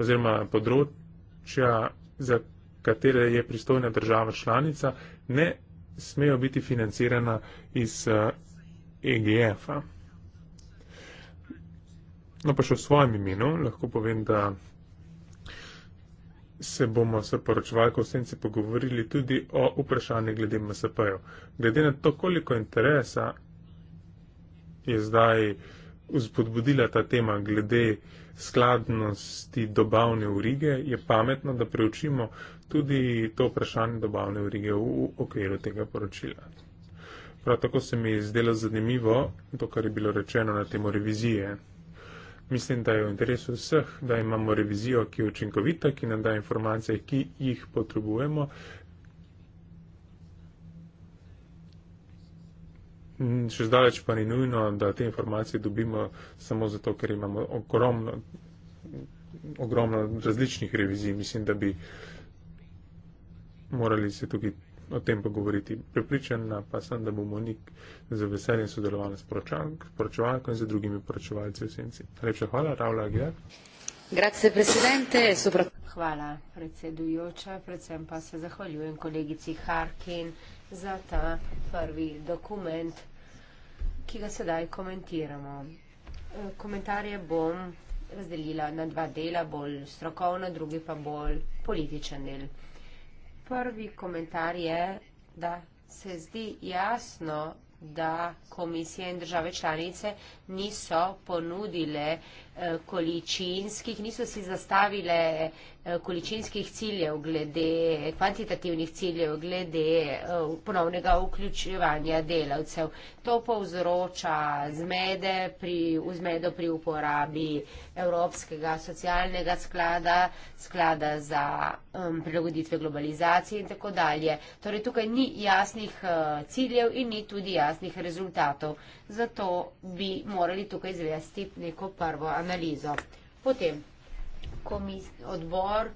oziroma področja, za katere je pristojna država članica, ne smejo biti financirana iz EGF-a. Eh, e no pa še v svojem imenu lahko povem, da se bomo s poročevalko v senci pogovorili tudi o vprašanju glede MSP-jev. Glede na to, koliko interesa je zdaj vzpodbudila ta tema glede skladnosti dobavne urige, je pametno, da preučimo tudi to vprašanje dobavne urige v okviru tega poročila. Prav tako se mi je zdelo zanimivo to, kar je bilo rečeno na temo revizije. Mislim, da je v interesu vseh, da imamo revizijo, ki je učinkovita, ki nam da informacije, ki jih potrebujemo. Še zdaleč pa ni nujno, da te informacije dobimo samo zato, ker imamo ogromno, ogromno različnih revizij. Mislim, da bi morali se tukaj o tem pogovoriti. Pripričana pa sem, da bo Monik z veseljem sodeloval s poročevalkom in z drugimi poročevalci v senci. Lepša hvala, Ravla Agir. Grazie, presidente. E Sopra... Hvala, predsedujoča. Predvsem pa se zahvaljujem kolegici Harkin za ta prvi dokument, ki ga sedaj komentiramo. E, komentarje bom razdelila na dva dela, bolj strokovno, drugi pa bolj političen del prvi komentar je, da se zdi jasno, da komisije in države članice niso ponudile eh, količinskih, niso si zastavile Eh, količinskih ciljev, glede kvantitativnih ciljev, glede eh, ponovnega vključevanja delavcev. To povzroča zmede pri, zmedo pri uporabi Evropskega socialnega sklada, sklada za um, prilagoditve globalizacije in tako dalje. Torej tukaj ni jasnih eh, ciljev in ni tudi jasnih rezultatov. Zato bi morali tukaj izvesti neko prvo analizo. Potem komis, odbor,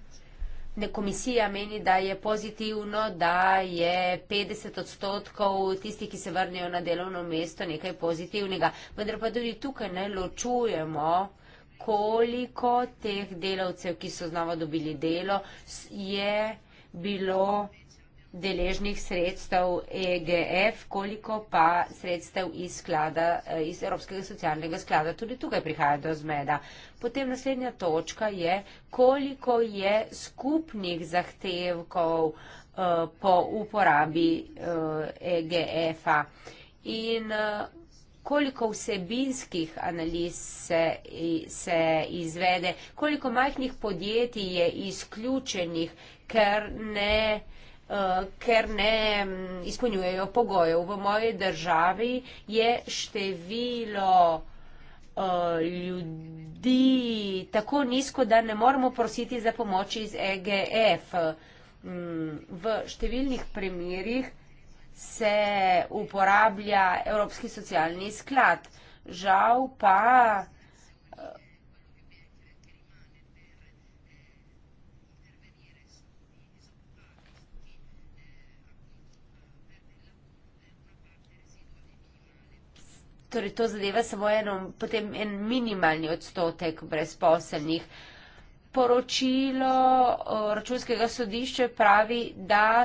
ne komisija meni, da je pozitivno, da je 50 odstotkov tistih, ki se vrnejo na delovno mesto, nekaj pozitivnega. Vendar pa tudi tukaj ne ločujemo, koliko teh delavcev, ki so znova dobili delo, je bilo deležnih sredstev EGF, koliko pa sredstev iz sklada, eh, iz Evropskega socialnega sklada. Tudi tukaj prihaja do zmeda. Potem naslednja točka je, koliko je skupnih zahtevkov uh, po uporabi uh, eh, EGF-a in uh, koliko vsebinskih analiz se, se izvede, koliko majhnih podjetij je izključenih, ker ne. Eh, ker ne mm, izpolnjujejo pogojev. V moji državi je število uh, ljudi tako nizko, da ne moremo prositi za pomoč iz EGF. Mm, v številnih primerjih se uporablja Evropski socialni sklad. Žal pa torej to zadeva samo eno, potem en minimalni odstotek brezposelnih. Poročilo eh, računskega sodišča pravi, da,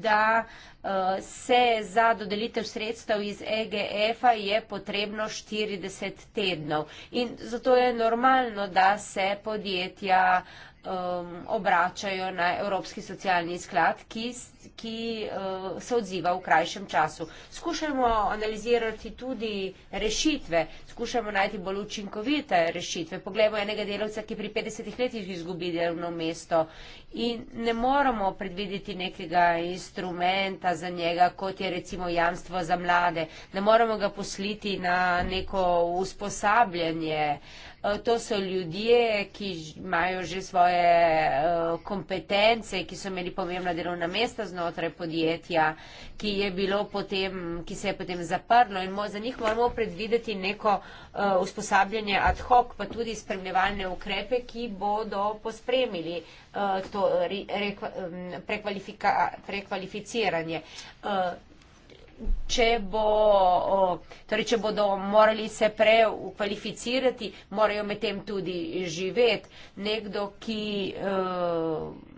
da eh, se za dodelitev sredstev iz EGF-a je potrebno 40 tednov. In zato je normalno, da se podjetja um, obračajo na Evropski socialni sklad, ki ki eh, se odziva v krajšem času. Skušamo analizirati tudi rešitve, skušamo najti bolj učinkovite rešitve. Poglejmo enega delavca, ki pri 50 letih izgubi delovno mesto in ne moramo predvideti nekega instrumenta za njega, kot je recimo jamstvo za mlade. Ne moramo ga posliti na neko usposabljanje. Eh, to so ljudje, ki imajo že svoje eh, kompetence, ki so imeli pomembna delovna mesta znotraj podjetja, ki, potem, ki se je potem zaprlo in mo, za njih moramo predvideti neko uh, usposabljanje ad hoc, pa tudi spremljevalne ukrepe, ki bodo pospremili uh, to re, re, prekvalificiranje. Uh, Če, bo, torej če bodo morali se prekvalificirati, morajo medtem tudi živeti. Nekdo, ki. Uh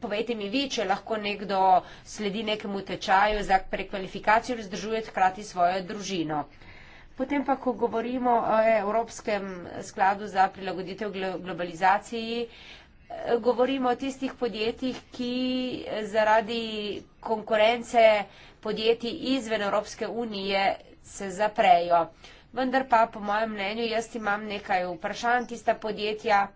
povejte mi vi, če lahko nekdo sledi nekemu tečaju za prekvalifikacijo in vzdržuje hkrati svojo družino. Potem pa, ko govorimo o Evropskem skladu za prilagoditev globalizaciji, eh, govorimo o tistih podjetjih, ki zaradi konkurence podjetij izven Evropske unije se zaprejo. Vendar pa, po mojem mnenju, jaz imam nekaj vprašanj tista podjetja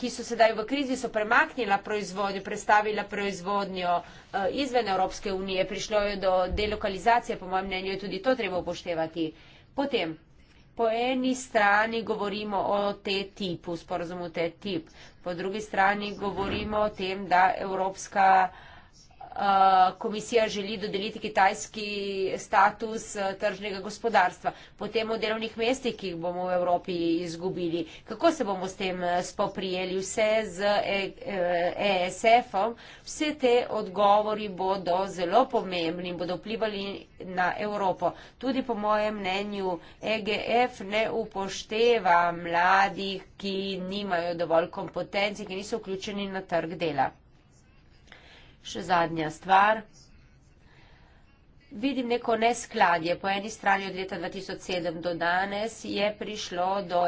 ki so sedaj v krizi, so premaknila proizvodnjo, prestavila proizvodnjo eh, izven Evropske unije, prišlo je do delokalizacije, po mojem mnenju je tudi to treba upoštevati. Potem, po eni strani govorimo o te tipu, sporozumu te tip, po drugi strani govorimo o tem, da Evropska unija Eh, komisija želi dodeliti kitajski status eh, tržnega gospodarstva. Potem o delovnih mestih, ki jih bomo v Evropi izgubili. Kako se bomo s tem eh, spoprijeli? Vse z ESF-om, e vse te odgovori bodo zelo pomembni in bodo vplivali na Evropo. Tudi po mojem mnenju EGF ne upošteva mladih, ki nimajo dovolj kompetenci, ki niso vključeni na trg dela še zadnja stvar. Vidim neko neskladje. Po eni strani od leta 2007 do danes je prišlo do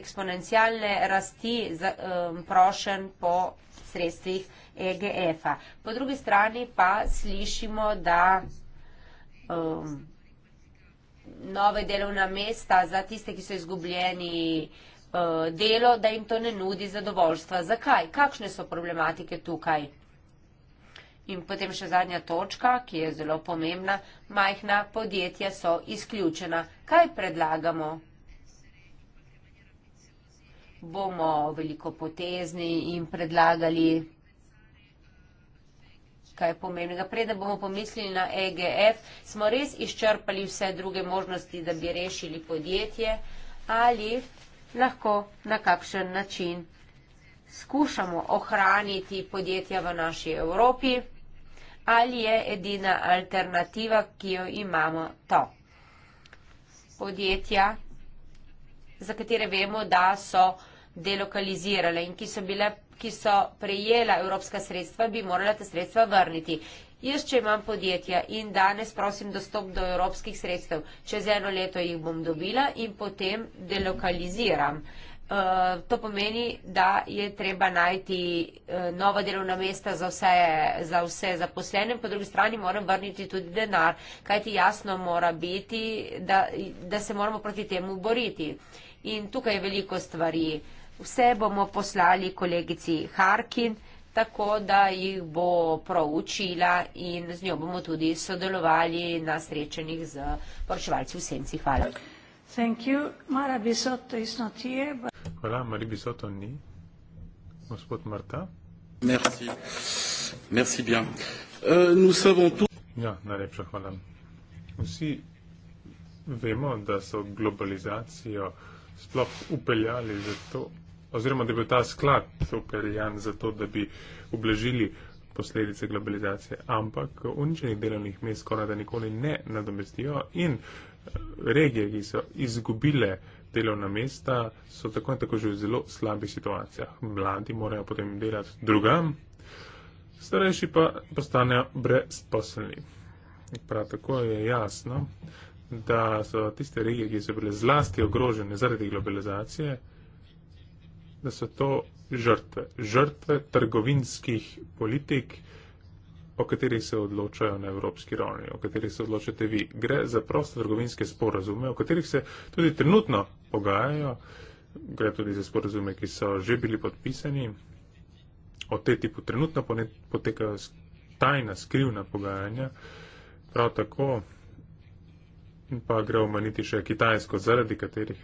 eksponencialne rasti za, um, prošen po sredstvih EGF-a. Po drugi strani pa slišimo, da um, nove delovna mesta za tiste, ki so izgubljeni uh, delo, da jim to ne nudi zadovoljstva. Zakaj? Kakšne so problematike tukaj? In potem še zadnja točka, ki je zelo pomembna. Majhna podjetja so izključena. Kaj predlagamo? Bomo veliko potezni in predlagali, kaj je pomembnega. Preden bomo pomislili na EGF, smo res izčrpali vse druge možnosti, da bi rešili podjetje ali lahko na kakšen način skušamo ohraniti podjetja v naši Evropi ali je edina alternativa, ki jo imamo, to. Podjetja, za katere vemo, da so delokalizirale in ki so, bile, ki so prejela evropska sredstva, bi morala ta sredstva vrniti. Jaz, če imam podjetja in danes prosim dostop do evropskih sredstev, čez eno leto jih bom dobila in potem delokaliziram. Uh, Eh, to pomeni, da je treba najti uh, nova delovna mesta za vse, za vse zaposlene, po drugi strani moram vrniti tudi denar, kajti jasno mora biti, da, da se moramo proti temu boriti. In tukaj je veliko stvari. Vse bomo poslali kolegici Harkin, tako da jih bo proučila in z njo bomo tudi sodelovali na srečanjih z poročevalci v Senci. Hvala. Okay. Thank you. Mara Bisotto is not here, but... Voilà, Mara Bisotto ni. Gospod Marta. Merci. Merci bien. Euh, nous savons tout... Ja, najlepša hvala. Vsi vemo, da so globalizacijo sploh upeljali za to, oziroma da bi ta sklad upeljan za to, da bi ublažili posledice globalizacije, ampak uničenih delovnih mest skoraj da nikoli ne nadomestijo in uh, regije, ki so izgubile delovna mesta, so tako in tako že v zelo slabih situacijah. Mladi morajo potem delati drugam, starejši pa postanejo brezposelni. Prav tako je jasno, da so tiste regije, ki so bile zlasti ogrožene zaradi globalizacije, da so to žrtve, žrtve trgovinskih politik, o kateri se odločajo na evropski ravni, o kateri se odločate vi. Gre za proste trgovinske sporazume, o katerih se tudi trenutno pogajajo, gre tudi za sporazume, ki so že bili podpisani. O te tipu trenutno potekajo tajna, skrivna pogajanja. Prav tako pa gre omeniti še Kitajsko, zaradi,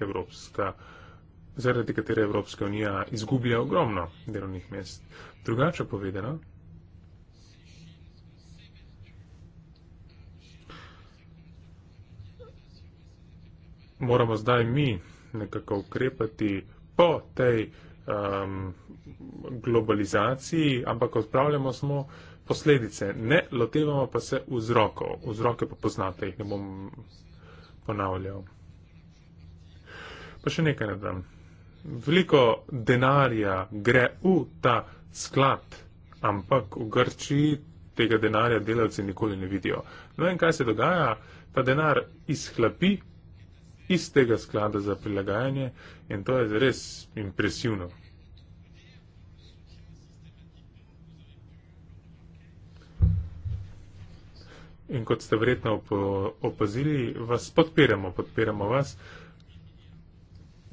Evropska, zaradi katere Evropska unija izgublja ogromno delovnih mest. Drugače povedano, moramo zdaj mi nekako ukrepati po tej um, globalizaciji, ampak odpravljamo samo posledice. Ne lotevamo pa se vzrokov. Vzroke pa poznate, jih ne bom ponavljal. Pa še nekaj nadam. Veliko denarja gre v ta sklad, ampak v Grčiji tega denarja delavci nikoli ne vidijo. No in kaj se dogaja? Ta denar izhlapi istega sklada za prilagajanje in to je res impresivno. In kot ste verjetno opazili, vas podpiramo, podpiramo vas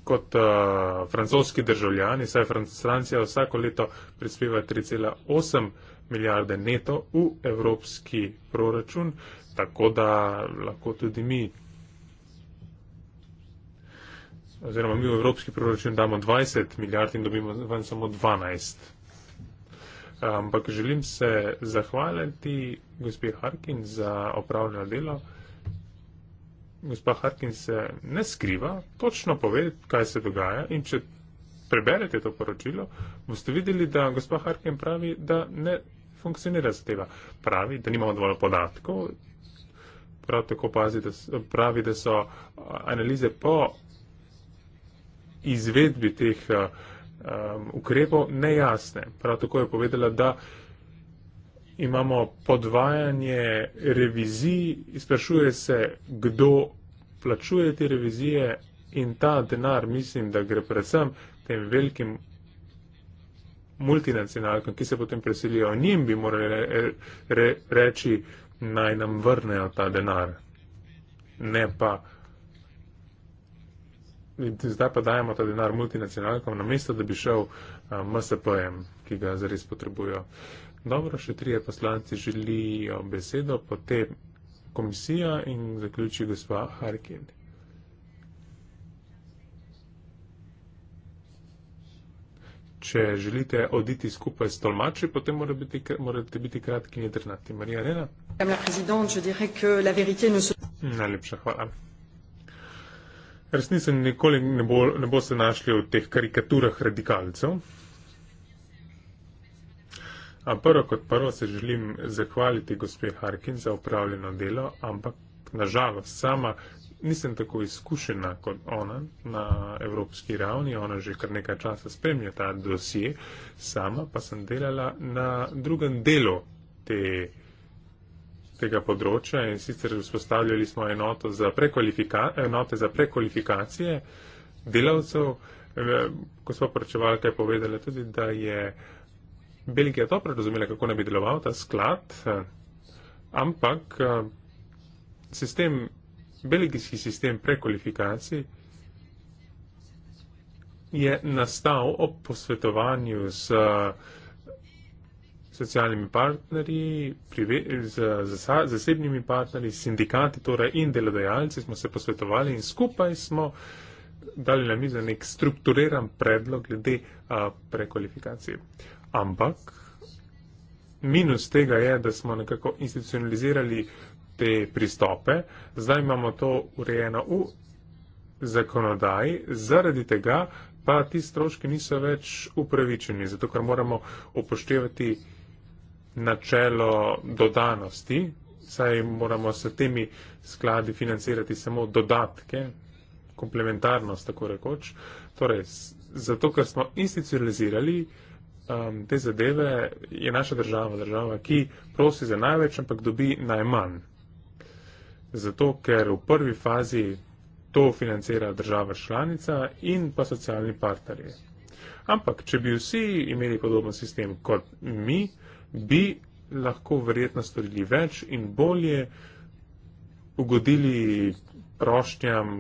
kot uh, francoski državljani, saj Francija vsako leto prispeva 3,8 milijarde neto v evropski proračun, tako da lahko tudi mi oziroma mi v evropski proračun damo 20 milijard in dobimo ven samo 12. Ampak želim se zahvaliti gospe Harkin za opravljeno delo. Gospa Harkin se ne skriva, točno pove, kaj se dogaja in če preberete to poročilo, boste videli, da gospa Harkin pravi, da ne funkcionira z teba. Pravi, da nimamo dovolj podatkov, prav tako pazi, da so, pravi, da so analize po izvedbi teh um, ukrepov nejasne. Prav tako je povedala, da imamo podvajanje revizij, sprašuje se, kdo plačuje te revizije in ta denar, mislim, da gre predvsem tem velikim multinacionalkam, ki se potem preselijo. Njim bi morali re, re, reči, naj nam vrnejo ta denar, ne pa. In zdaj pa dajemo ta denar multinacionalkam, namesto da bi šel MSP-jem, ki ga zares potrebujo. Dobro, še trije poslanci želijo besedo, potem komisija in zaključi gospa Harkin. Če želite oditi skupaj s tolmači, potem morate biti, morate biti kratki in jedrnati. Marija Rena. Najlepša hvala resnici nikoli ne, bo, ne boste našli v teh karikaturah radikalcev. A prvo kot prvo se želim zahvaliti gospe Harkin za upravljeno delo, ampak nažalost sama nisem tako izkušena kot ona na evropski ravni. Ona že kar nekaj časa spremlja ta dosje, sama pa sem delala na drugem delu te tega področja in sicer vzpostavljali smo enoto za enote za prekvalifikacije delavcev. Ko eh, smo poročevali, kaj je povedala tudi, da je Belgija dobro razumela, kako naj bi deloval ta sklad, eh, ampak eh, sistem, belgijski sistem prekvalifikacij je nastal ob posvetovanju z uh, socialnimi partnerji, prive, z zasebnimi partnerji, sindikati torej in delodajalci smo se posvetovali in skupaj smo dali na mizo nek strukturiran predlog glede a, prekvalifikacije. Ampak minus tega je, da smo nekako institucionalizirali te pristope. Zdaj imamo to urejeno v zakonodaji, zaradi tega pa ti stroški niso več upravičeni, zato ker moramo upoštevati načelo dodanosti, saj moramo s temi skladi financirati samo dodatke, komplementarnost, tako rekoč. Torej, zato, ker smo institucionalizirali um, te zadeve, je naša država država, ki prosi za največ, ampak dobi najmanj. Zato, ker v prvi fazi to financira država članica in pa socialni partnerje. Ampak, če bi vsi imeli podoben sistem kot mi, bi lahko verjetno storili več in bolje ugodili prošnjam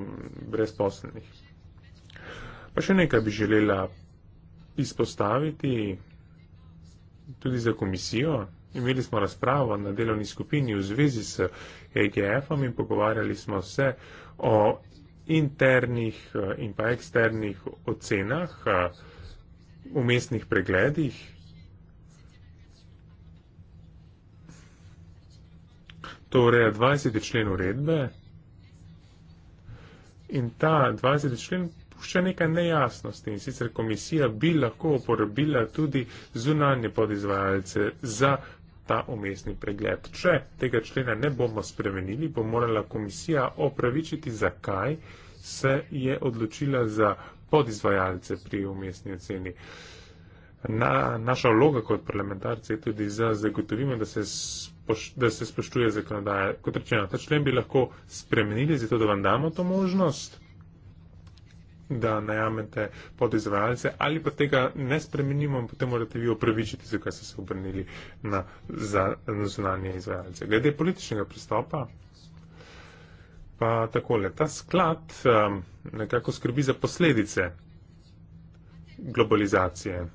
brezposelnih. Pa še nekaj bi želela izpostaviti tudi za komisijo. Imeli smo razpravo na delovni skupini v zvezi s EGF-om in pogovarjali smo se o internih eh, in pa eksternih ocenah, umestnih eh, pregledih To ureja 20. člen uredbe in ta 20. člen pušča nekaj nejasnosti in sicer komisija bi lahko uporabila tudi zunanje podizvajalce za ta umestni pregled. Če tega člena ne bomo spremenili, bo morala komisija opravičiti, zakaj se je odločila za podizvajalce pri umestni oceni. Uh, Na, naša vloga kot parlamentarci je tudi za zagotovimo, da se, spoš, da se spoščuje zakonodaja. Kot rečeno, ta člen bi lahko spremenili, zato da vam damo to možnost, da najamete podizvajalce ali pa tega ne spremenimo in potem morate vi opravičiti, zakaj ste se obrnili na nacionalne izvajalce. Glede političnega pristopa. Pa takole, ta sklad um, nekako skrbi za posledice globalizacije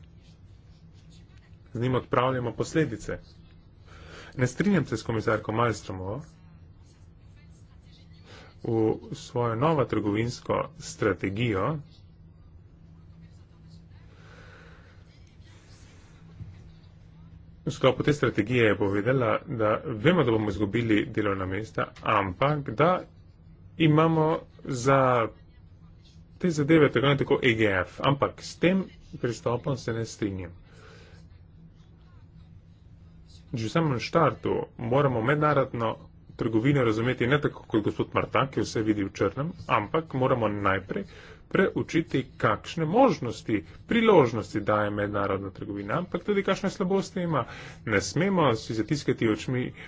z njim odpravljamo posledice. Ne strinjam se s komisarko Malstromovo. V svojo novo trgovinsko strategijo V sklopu te strategije je povedala, da vemo, da bomo izgubili delovna mesta, ampak da imamo za te zadeve tako in tako EGF. Ampak s tem pristopom se ne strinjam že v samem štartu moramo mednarodno trgovino razumeti ne tako kot gospod Marta, ki vse vidi v črnem, ampak moramo najprej preučiti, kakšne možnosti, priložnosti daje mednarodna trgovina, ampak tudi kakšne slabosti ima. Ne smemo si zatiskati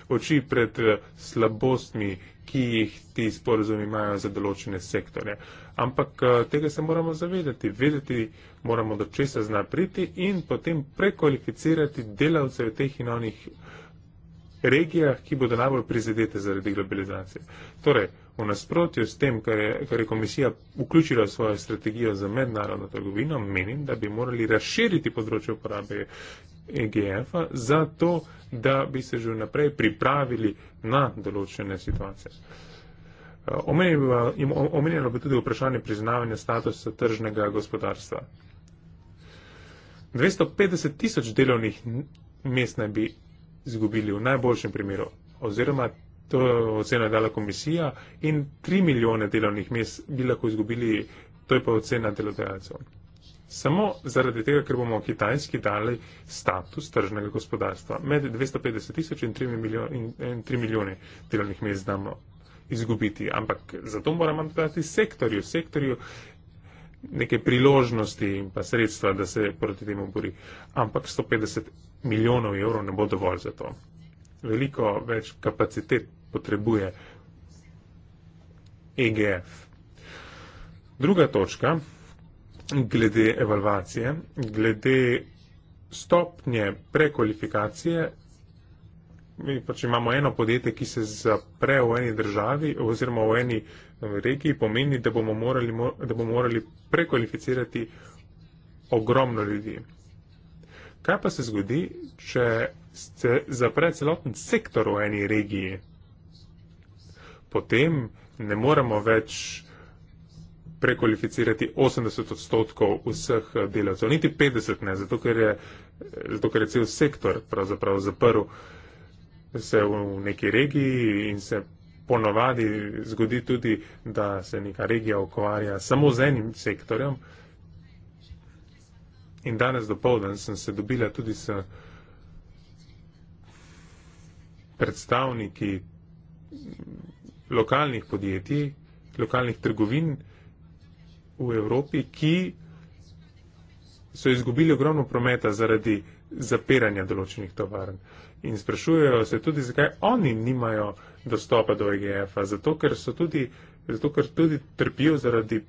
oči pred eh, slabostmi uh, ki jih ti sporozumi imajo za določene sektore. Ampak eh, tega se moramo zavedati. Vedeti moramo, do česa zna priti in potem prekvalificirati delavce v teh in onih regijah, ki bodo najbolj prizadete zaradi globalizacije. Torej, v nasprotju s tem, kar je, kar je komisija vključila v svojo strategijo za mednarodno trgovino, menim, da bi morali razširiti področje uporabe EGF-a, zato da bi se že naprej pripravili na določene situacije. Eh, omenjeno bi tudi vprašanje priznavanja statusa tržnega gospodarstva. 250 tisoč delovnih mest naj bi izgubili v najboljšem primeru, oziroma to oceno je dala komisija in 3 milijone delovnih mest bi lahko izgubili, to je pa ocena delodajalcev samo zaradi tega, ker bomo Kitajski dali status tržnega gospodarstva. Med 250 tisoč in 3 milijoni delovnih mest znamo izgubiti, ampak zato moramo dati sektorju, sektorju neke priložnosti in pa sredstva, da se proti temu bori. Ampak 150 milijonov evrov ne bo dovolj za to. Veliko več kapacitet potrebuje EGF. Druga točka, glede evalvacije, glede stopnje prekvalifikacije. Mi pač imamo eno podjetje, ki se zapre v eni državi oziroma v eni regiji, pomeni, da bomo morali, da bomo morali prekvalificirati ogromno ljudi. Kaj pa se zgodi, če se zapre celoten sektor v eni regiji? Potem ne moremo več prekvalificirati 80 odstotkov vseh eh, delavcev, niti 50 ne, zato ker je, zato ker je cel sektor pravzaprav zaprl se v neki regiji in se ponovadi zgodi tudi, da se neka regija ukvarja samo z enim sektorjem. In danes dopoldan sem se dobila tudi s predstavniki lokalnih podjetij, lokalnih trgovin, v Evropi, ki so izgubili ogromno prometa zaradi zapiranja določenih tovarn. In sprašujejo se tudi, zakaj oni nimajo dostopa do EGF-a. Zato, ker so tudi, zato, ker tudi trpijo zaradi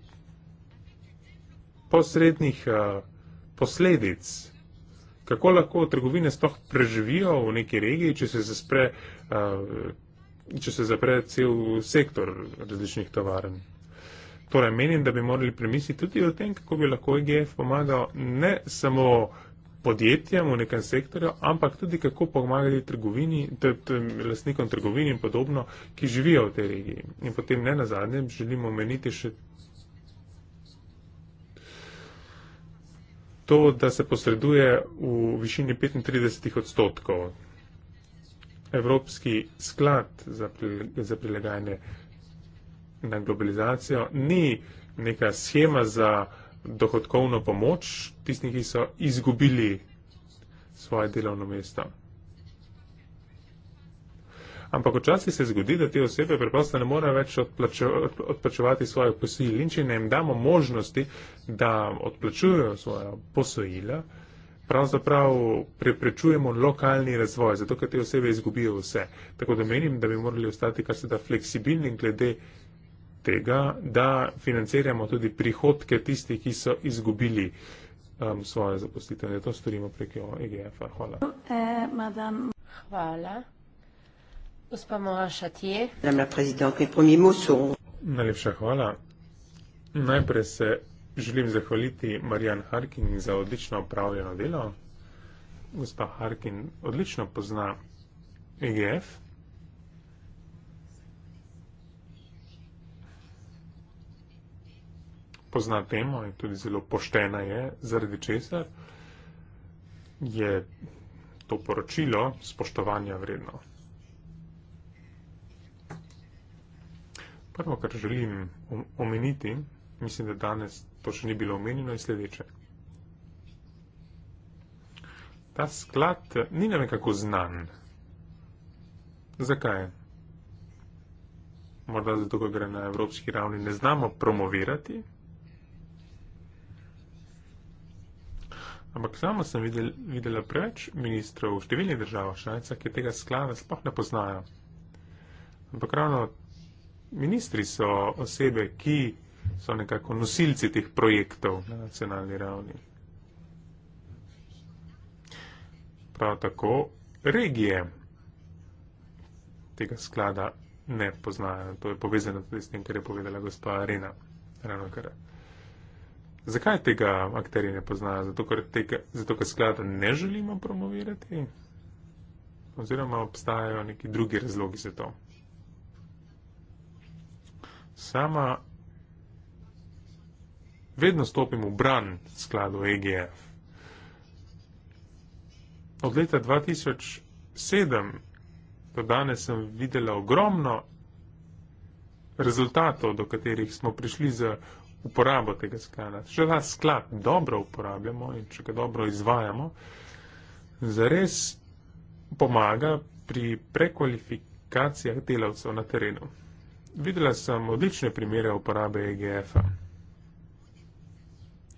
posrednih uh, posledic. Kako lahko trgovine sploh preživijo v neki regiji, če se, zaspre, uh, če se zapre cel sektor različnih tovarn. Torej, menim, da bi morali premisliti tudi o tem, kako bi lahko IGF e pomagal ne samo podjetjem v nekem sektorju, ampak tudi kako pomagati trgovini, lastnikom trgovini in podobno, ki živijo v tej regiji. In potem ne na zadnje, želimo omeniti še to, da se posreduje v višini 35 odstotkov. Evropski sklad za prilagajanje. Prile, na globalizacijo, ni neka schema za dohodkovno pomoč tistim, ki so izgubili svoje delovno mesto. Ampak včasih se zgodi, da te osebe preprosto ne morejo več odplačo, odplačevati svoje posojil in če ne jim damo možnosti, da odplačujejo svoje posojila, pravzaprav preprečujemo lokalni razvoj, zato ker te osebe izgubijo vse. Tako da menim, da bi morali ostati kar se da fleksibilni glede tega, da financiramo tudi prihodke tistih, ki so izgubili um, svoje zaposlitev. To storimo preko EGF-a. Hvala. Eh, hvala. Gospa Mora Šatije. Najlepša hvala. Najprej se želim zahvaliti Marjan Harkin za odlično opravljeno delo. Gospa Harkin odlično pozna EGF. pozna temo in tudi zelo poštena je, zaradi česar je to poročilo spoštovanja vredno. Prvo, kar želim omeniti, mislim, da danes to še ni bilo omenjeno, je sledeče. Ta sklad ni nam nekako znan. Zakaj? Morda zato, ker ga na evropski ravni ne znamo promovirati, ampak sama sem videl, videla preveč ministrov v številnih državah članicah, ki tega sklada sploh ne poznajo. Ampak ravno ministri so osebe, ki so nekako nosilci teh projektov na nacionalni ravni. Prav tako regije tega sklada ne poznajo. To je povezano tudi s tem, kar je povedala gospa Arena. Ravno kar. Zakaj tega akteri ne poznajo? Zato, ker, tega, zato, ker sklada ne želimo promovirati? Oziroma obstajajo neki drugi razlogi za to? Sama vedno stopim v bran skladu EGF. Od leta 2007 do danes sem videla ogromno rezultatov, do katerih smo prišli z uporabo tega sklada. Če ta sklad dobro uporabljamo in če ga dobro izvajamo, zares pomaga pri prekvalifikacijah delavcev na terenu. Videla sem odlične primere uporabe EGF-a.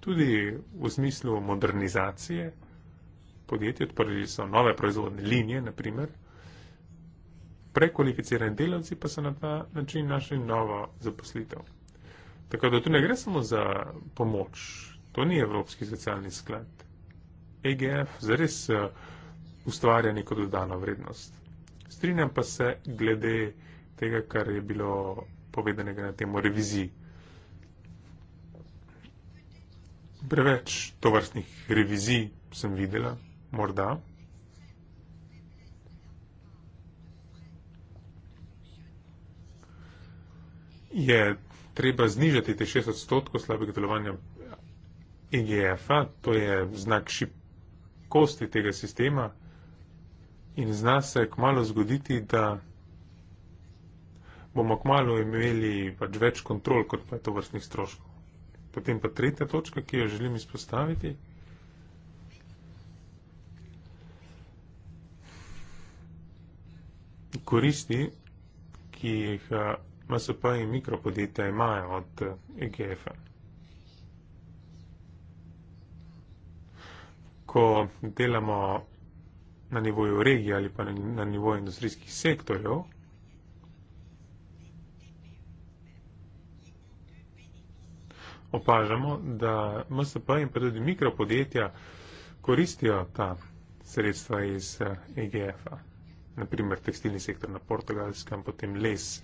Tudi v smislu modernizacije podjetij, odprli so nove proizvodne linije, naprimer. Prekvalificirani delavci pa so na ta način našli novo zaposlitev. Tako da tu ne gre samo za pomoč, to ni Evropski socialni sklad. EGF zares eh, ustvarja neko dodano vrednost. Strinjam pa se glede tega, kar je bilo povedanega na temo reviziji. Preveč tovrstnih revizij sem videla, morda. Je treba znižati te 6 odstotkov slabega delovanja IGF-a, e to je znak šibkosti tega sistema in zna se kmalo zgoditi, da bomo kmalo imeli pač več kontrol, kot pa je to vrstnih stroškov. Potem pa tretja točka, ki jo želim izpostaviti. Koristi, ki jih MSP in mikropodjetja imajo od EGF-a. Eh, e Ko delamo na nivoju regije ali pa na nivoju industrijskih sektorjev, opažamo, da MSP in pa tudi mikropodjetja koristijo ta sredstva iz EGF-a. Eh, e Naprimer, tekstilni sektor na portugalskem, potem les,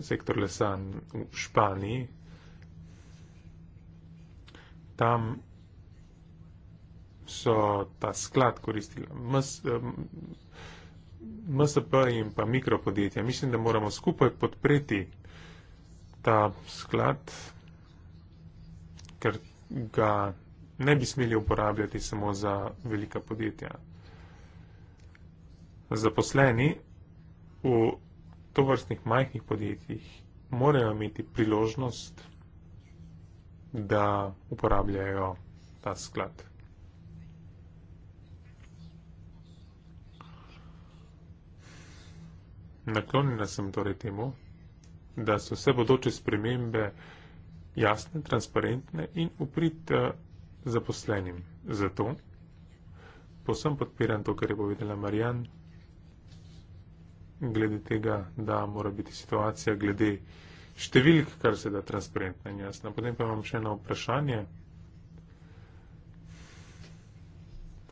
sektor lesa v Španiji. Tam so ta sklad koristila MSP in pa mikropodjetja. Mislim, da moramo skupaj podpreti ta sklad, ker ga ne bi smeli uporabljati samo za velika podjetja. Zaposleni v tovrstnih majhnih podjetjih morajo imeti priložnost, da uporabljajo ta sklad. Naklonjena sem torej temu, da so vse bodoče spremembe jasne, transparentne in uprit eh, zaposlenim. Zato posem podpiram to, kar je povedala Marjan, glede tega, da mora biti situacija glede številk, kar se da transparentna in jasna. Potem pa imam še eno vprašanje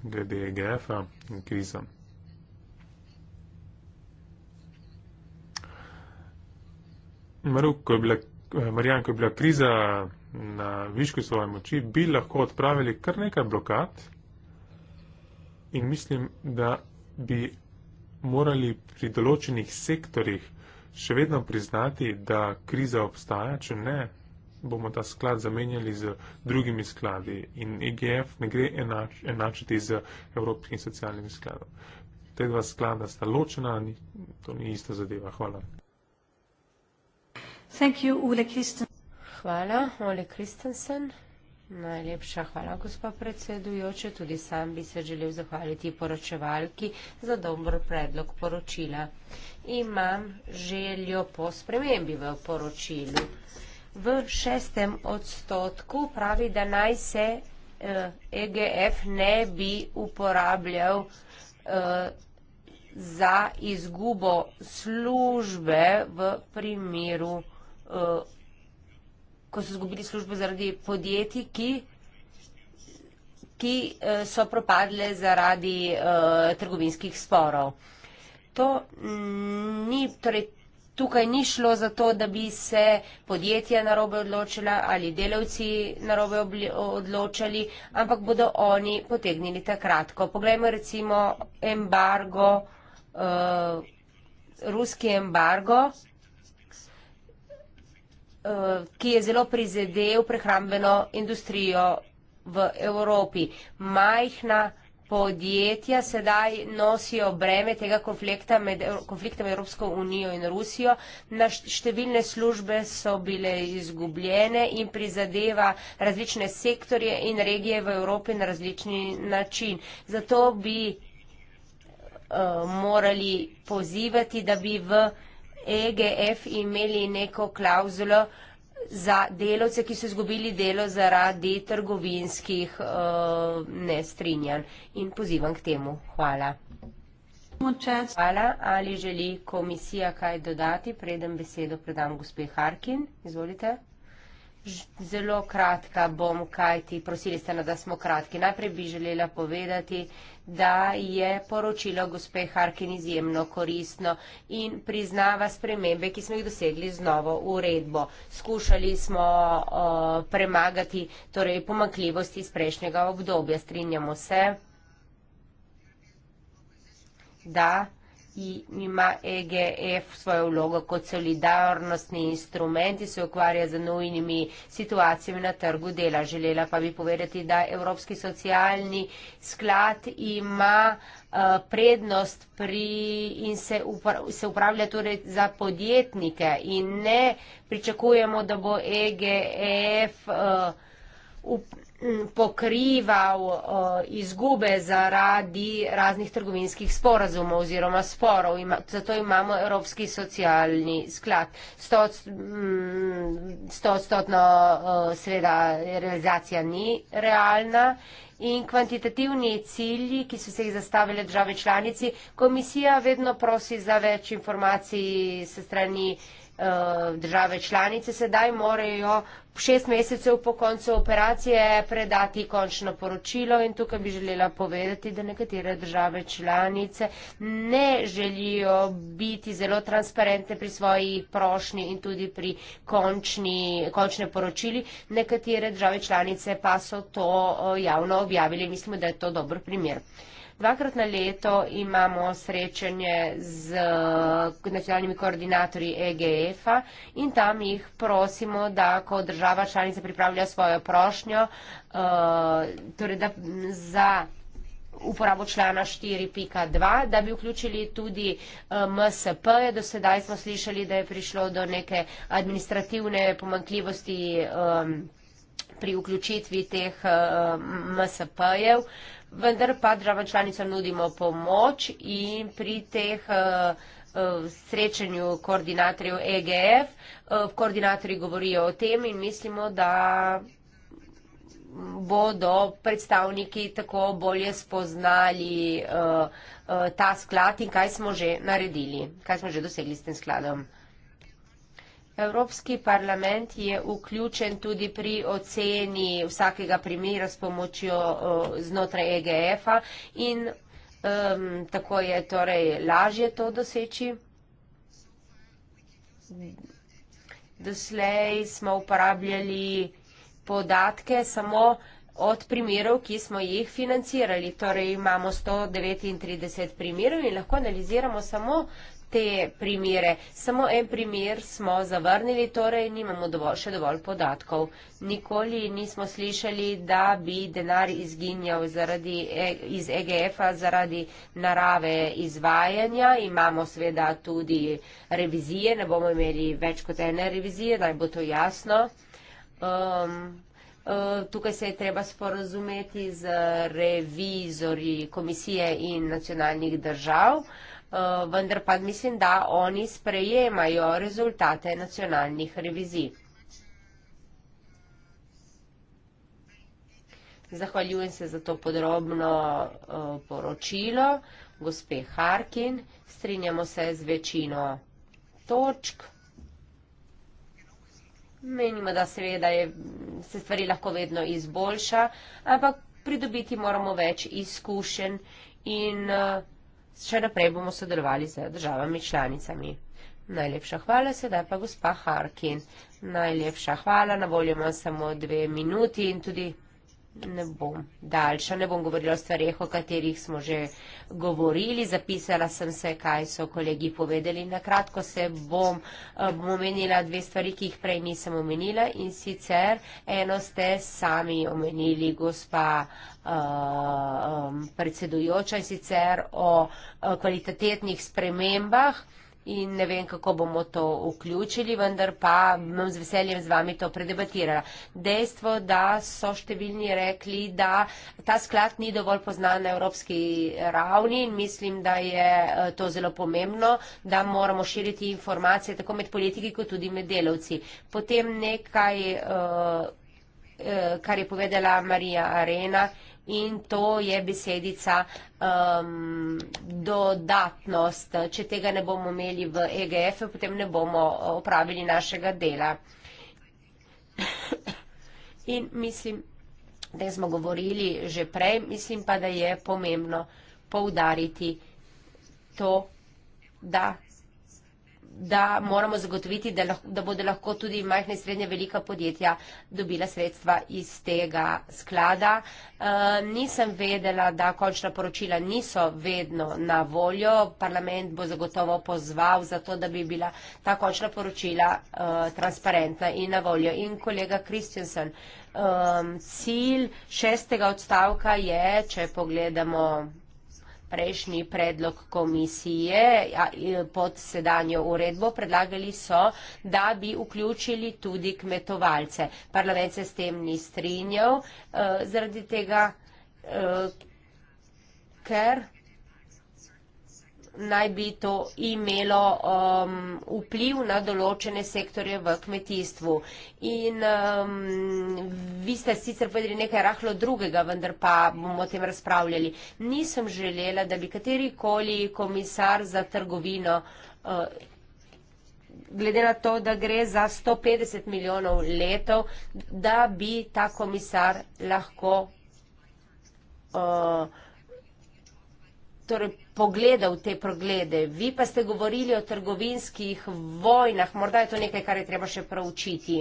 glede EGF-a in kriza. Maruk, ko je bila, Marjan, ko je bila kriza na višku svoje moči, bi lahko odpravili kar nekaj blokad in mislim, da bi morali pri določenih sektorjih še vedno priznati, da kriza obstaja, če ne, bomo ta sklad zamenjali z drugimi skladi in EGF ne gre enač, enačiti z Evropskim socialnim skladom. Te dva sklada sta ločena, ni, to ni ista zadeva. Hvala. Thank you, Ole Hvala, Ole Kristensen. Najlepša hvala, gospa predsedujoča. Tudi sam bi se želel zahvaliti poročevalki za dobro predlog poročila. Imam željo po spremembi v poročilu. V šestem odstotku pravi, da naj se eh, EGF ne bi uporabljal eh, za izgubo službe v primeru. Eh, ko so izgubili službo zaradi podjetij, ki, ki eh, so propadle zaradi uh, trgovinskih sporov. To ni, torej, tukaj ni šlo za to, da bi se podjetja narobe odločila ali delavci narobe odločali, ampak bodo oni potegnili takratko. Poglejmo recimo embargo, uh, ruski embargo. Eh, ki je zelo prizadel prehrambeno industrijo v Evropi. Majhna podjetja sedaj nosijo breme tega konflikta med, konflikta med Evropsko unijo in Rusijo. Naš številne službe so bile izgubljene in prizadeva različne sektorje in regije v Evropi na različni način. Zato bi uh, morali pozivati, da bi v uh, EGF imeli neko klauzulo za delovce, ki so izgubili delo zaradi trgovinskih uh, nestrinjanj. In pozivam k temu. Hvala. Hvala. Ali želi komisija kaj dodati, preden besedo predam gospe Harkin? Izvolite. Zelo kratka bom, kajti prosili ste nas, da smo kratki. Najprej bi želela povedati, da je poročilo gospe Harkin izjemno koristno in priznava spremembe, ki smo jih dosegli z novo uredbo. Skušali smo uh, premagati torej, pomakljivosti iz prejšnjega obdobja. Strinjamo se, da in ima EGF svojo vlogo kot solidarnostni instrument in se ukvarja z nujnimi situacijami na trgu dela. Želela pa bi povedati, da Evropski socialni sklad ima uh, prednost pri in se, upra, se upravlja torej za podjetnike in ne pričakujemo, da bo EGF uh, eh, pokrival uh, izgube zaradi raznih trgovinskih sporazumov oziroma sporov. Ima, zato imamo Evropski socialni sklad. Mm, stotstotno uh, sveda realizacija ni realna in kvantitativni cilji, ki so se jih zastavili države članici, komisija vedno prosi za več informacij se strani uh, Eh, države članice sedaj morajo šest mesecev po koncu operacije predati končno poročilo in tukaj bi želela povedati, da nekatere države članice ne želijo biti zelo transparentne pri svoji prošnji in tudi pri končni, končne poročili. Nekatere države članice pa so to eh, javno objavili. Mislimo, da je to dober primer. Uh, Dvakrat na leto imamo srečanje z nacionalnimi koordinatorji EGF-a in tam jih prosimo, da ko država članica pripravlja svojo prošnjo, eh, torej da za uporabo člana 4.2, da bi vključili tudi eh, MSP. Do sedaj smo slišali, da je prišlo do neke administrativne pomankljivosti eh, pri vključitvi teh MSP-jev vendar pa državam članicam nudimo pomoč in pri teh eh, eh, srečanju koordinatorjev EGF, eh, koordinatorji govorijo o tem in mislimo, da bodo predstavniki tako bolje spoznali ta sklad in kaj smo že naredili, kaj smo že dosegli s tem skladom. Evropski parlament je vključen tudi pri oceni vsakega primera s pomočjo znotraj EGF-a in um, tako je torej lažje to doseči. Doslej smo uporabljali podatke samo od primerov, ki smo jih financirali. Torej imamo 139 primerov in lahko analiziramo samo te primere. Samo en primer smo zavrnili, torej nimamo dovolj, še dovolj podatkov. Nikoli nismo slišali, da bi denar izginjal zaradi, e, iz EGF-a zaradi narave izvajanja. Imamo sveda tudi revizije, ne bomo imeli več kot ene revizije, naj bo to jasno. Um, uh, Tukaj se je treba sporozumeti z revizori komisije in nacionalnih držav. Eh, vendar pa mislim, da oni sprejemajo rezultate nacionalnih revizij. Zahvaljujem se za to podrobno eh, poročilo, gospe Harkin. Strinjamo se z večino točk. Menimo, da seveda se stvari lahko vedno izboljša, ampak pridobiti moramo več izkušenj in eh, še naprej bomo sodelovali z državami članicami. Najlepša hvala, sedaj pa gospa Harkin. Najlepša hvala, na voljo imam samo dve minuti in tudi ne bom daljša, ne bom govorila o stvarih, o katerih smo že govorili. Zapisala sem se, kaj so kolegi povedali. Na kratko se bom, eh, bom omenila dve stvari, ki jih prej nisem omenila in sicer eno ste sami omenili, gospa uh, predsedujoča, in sicer o uh, kvalitetnih spremembah in ne vem, kako bomo to vključili, vendar pa bom z veseljem z vami to predebatirala. Dejstvo, da so številni rekli, da ta sklad ni dovolj poznan na evropski ravni in mislim, da je eh, to zelo pomembno, da moramo širiti informacije tako med politiki, kot tudi med delavci. Potem nekaj, eh, eh, kar je povedala Marija Arena, in to je besedica um, dodatnost. Če tega ne bomo imeli v EGF, potem ne bomo uh, opravili našega dela. (coughs) in mislim, da smo govorili že prej, mislim pa, da je pomembno poudariti to, da da moramo zagotoviti, da, lahko, da bodo lahko tudi majhne in srednje velika podjetja dobila sredstva iz tega sklada. E, nisem vedela, da končna poročila niso vedno na voljo. Parlament bo zagotovo pozval za to, da bi bila ta končna poročila e, transparentna in na voljo. In kolega Kristjansen, e, cilj šestega odstavka je, če pogledamo prejšnji predlog komisije pod sedanjo uredbo predlagali so, da bi vključili tudi kmetovalce. Parlament se s tem ni strinjal, eh, zaradi tega, eh, ker naj bi to imelo um, vpliv na določene sektorje v kmetijstvu. In um, vi ste sicer povedali nekaj rahlo drugega, vendar pa bomo o tem razpravljali. Nisem želela, da bi katerikoli komisar za trgovino. Uh, glede na to, da gre za 150 milijonov letov, da bi ta komisar lahko uh, torej, pogledal te proglede. Vi pa ste govorili o trgovinskih vojnah, morda je to nekaj, kar je treba še proučiti.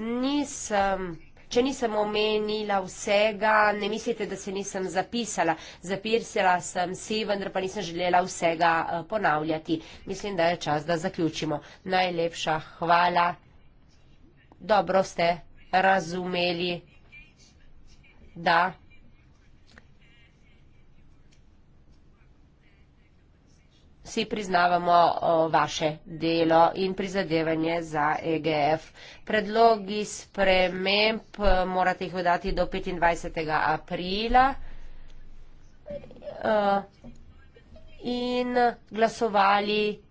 Nisem, če nisem omenila vsega, ne mislite, da se nisem zapisala. Zapisala sem si, vendar pa nisem želela vsega eh, ponavljati. Mislim, da je čas, da zaključimo. Najlepša hvala. Dobro ste razumeli. Da. vsi priznavamo vaše delo in prizadevanje za EGF. Predlogi sprememb e, morate jih vdati do 25. aprila e, in glasovali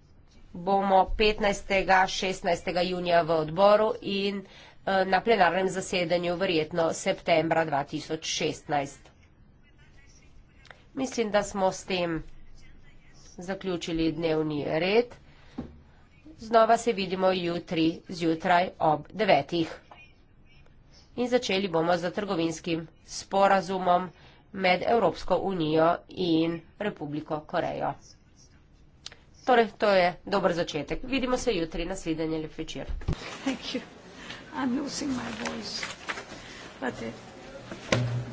bomo 15. 16. junija v odboru in e, na plenarnem zasedanju verjetno septembra 2016. Mislim, da smo s tem vsega zaključili dnevni red. Znova se vidimo jutri zjutraj ob devetih. In začeli bomo z trgovinskim sporazumom med Evropsko unijo in Republiko Korejo. Torej, to je dober začetek. Vidimo se jutri, naslednje lep večer. Thank you. I'm losing my voice. But it... Uh,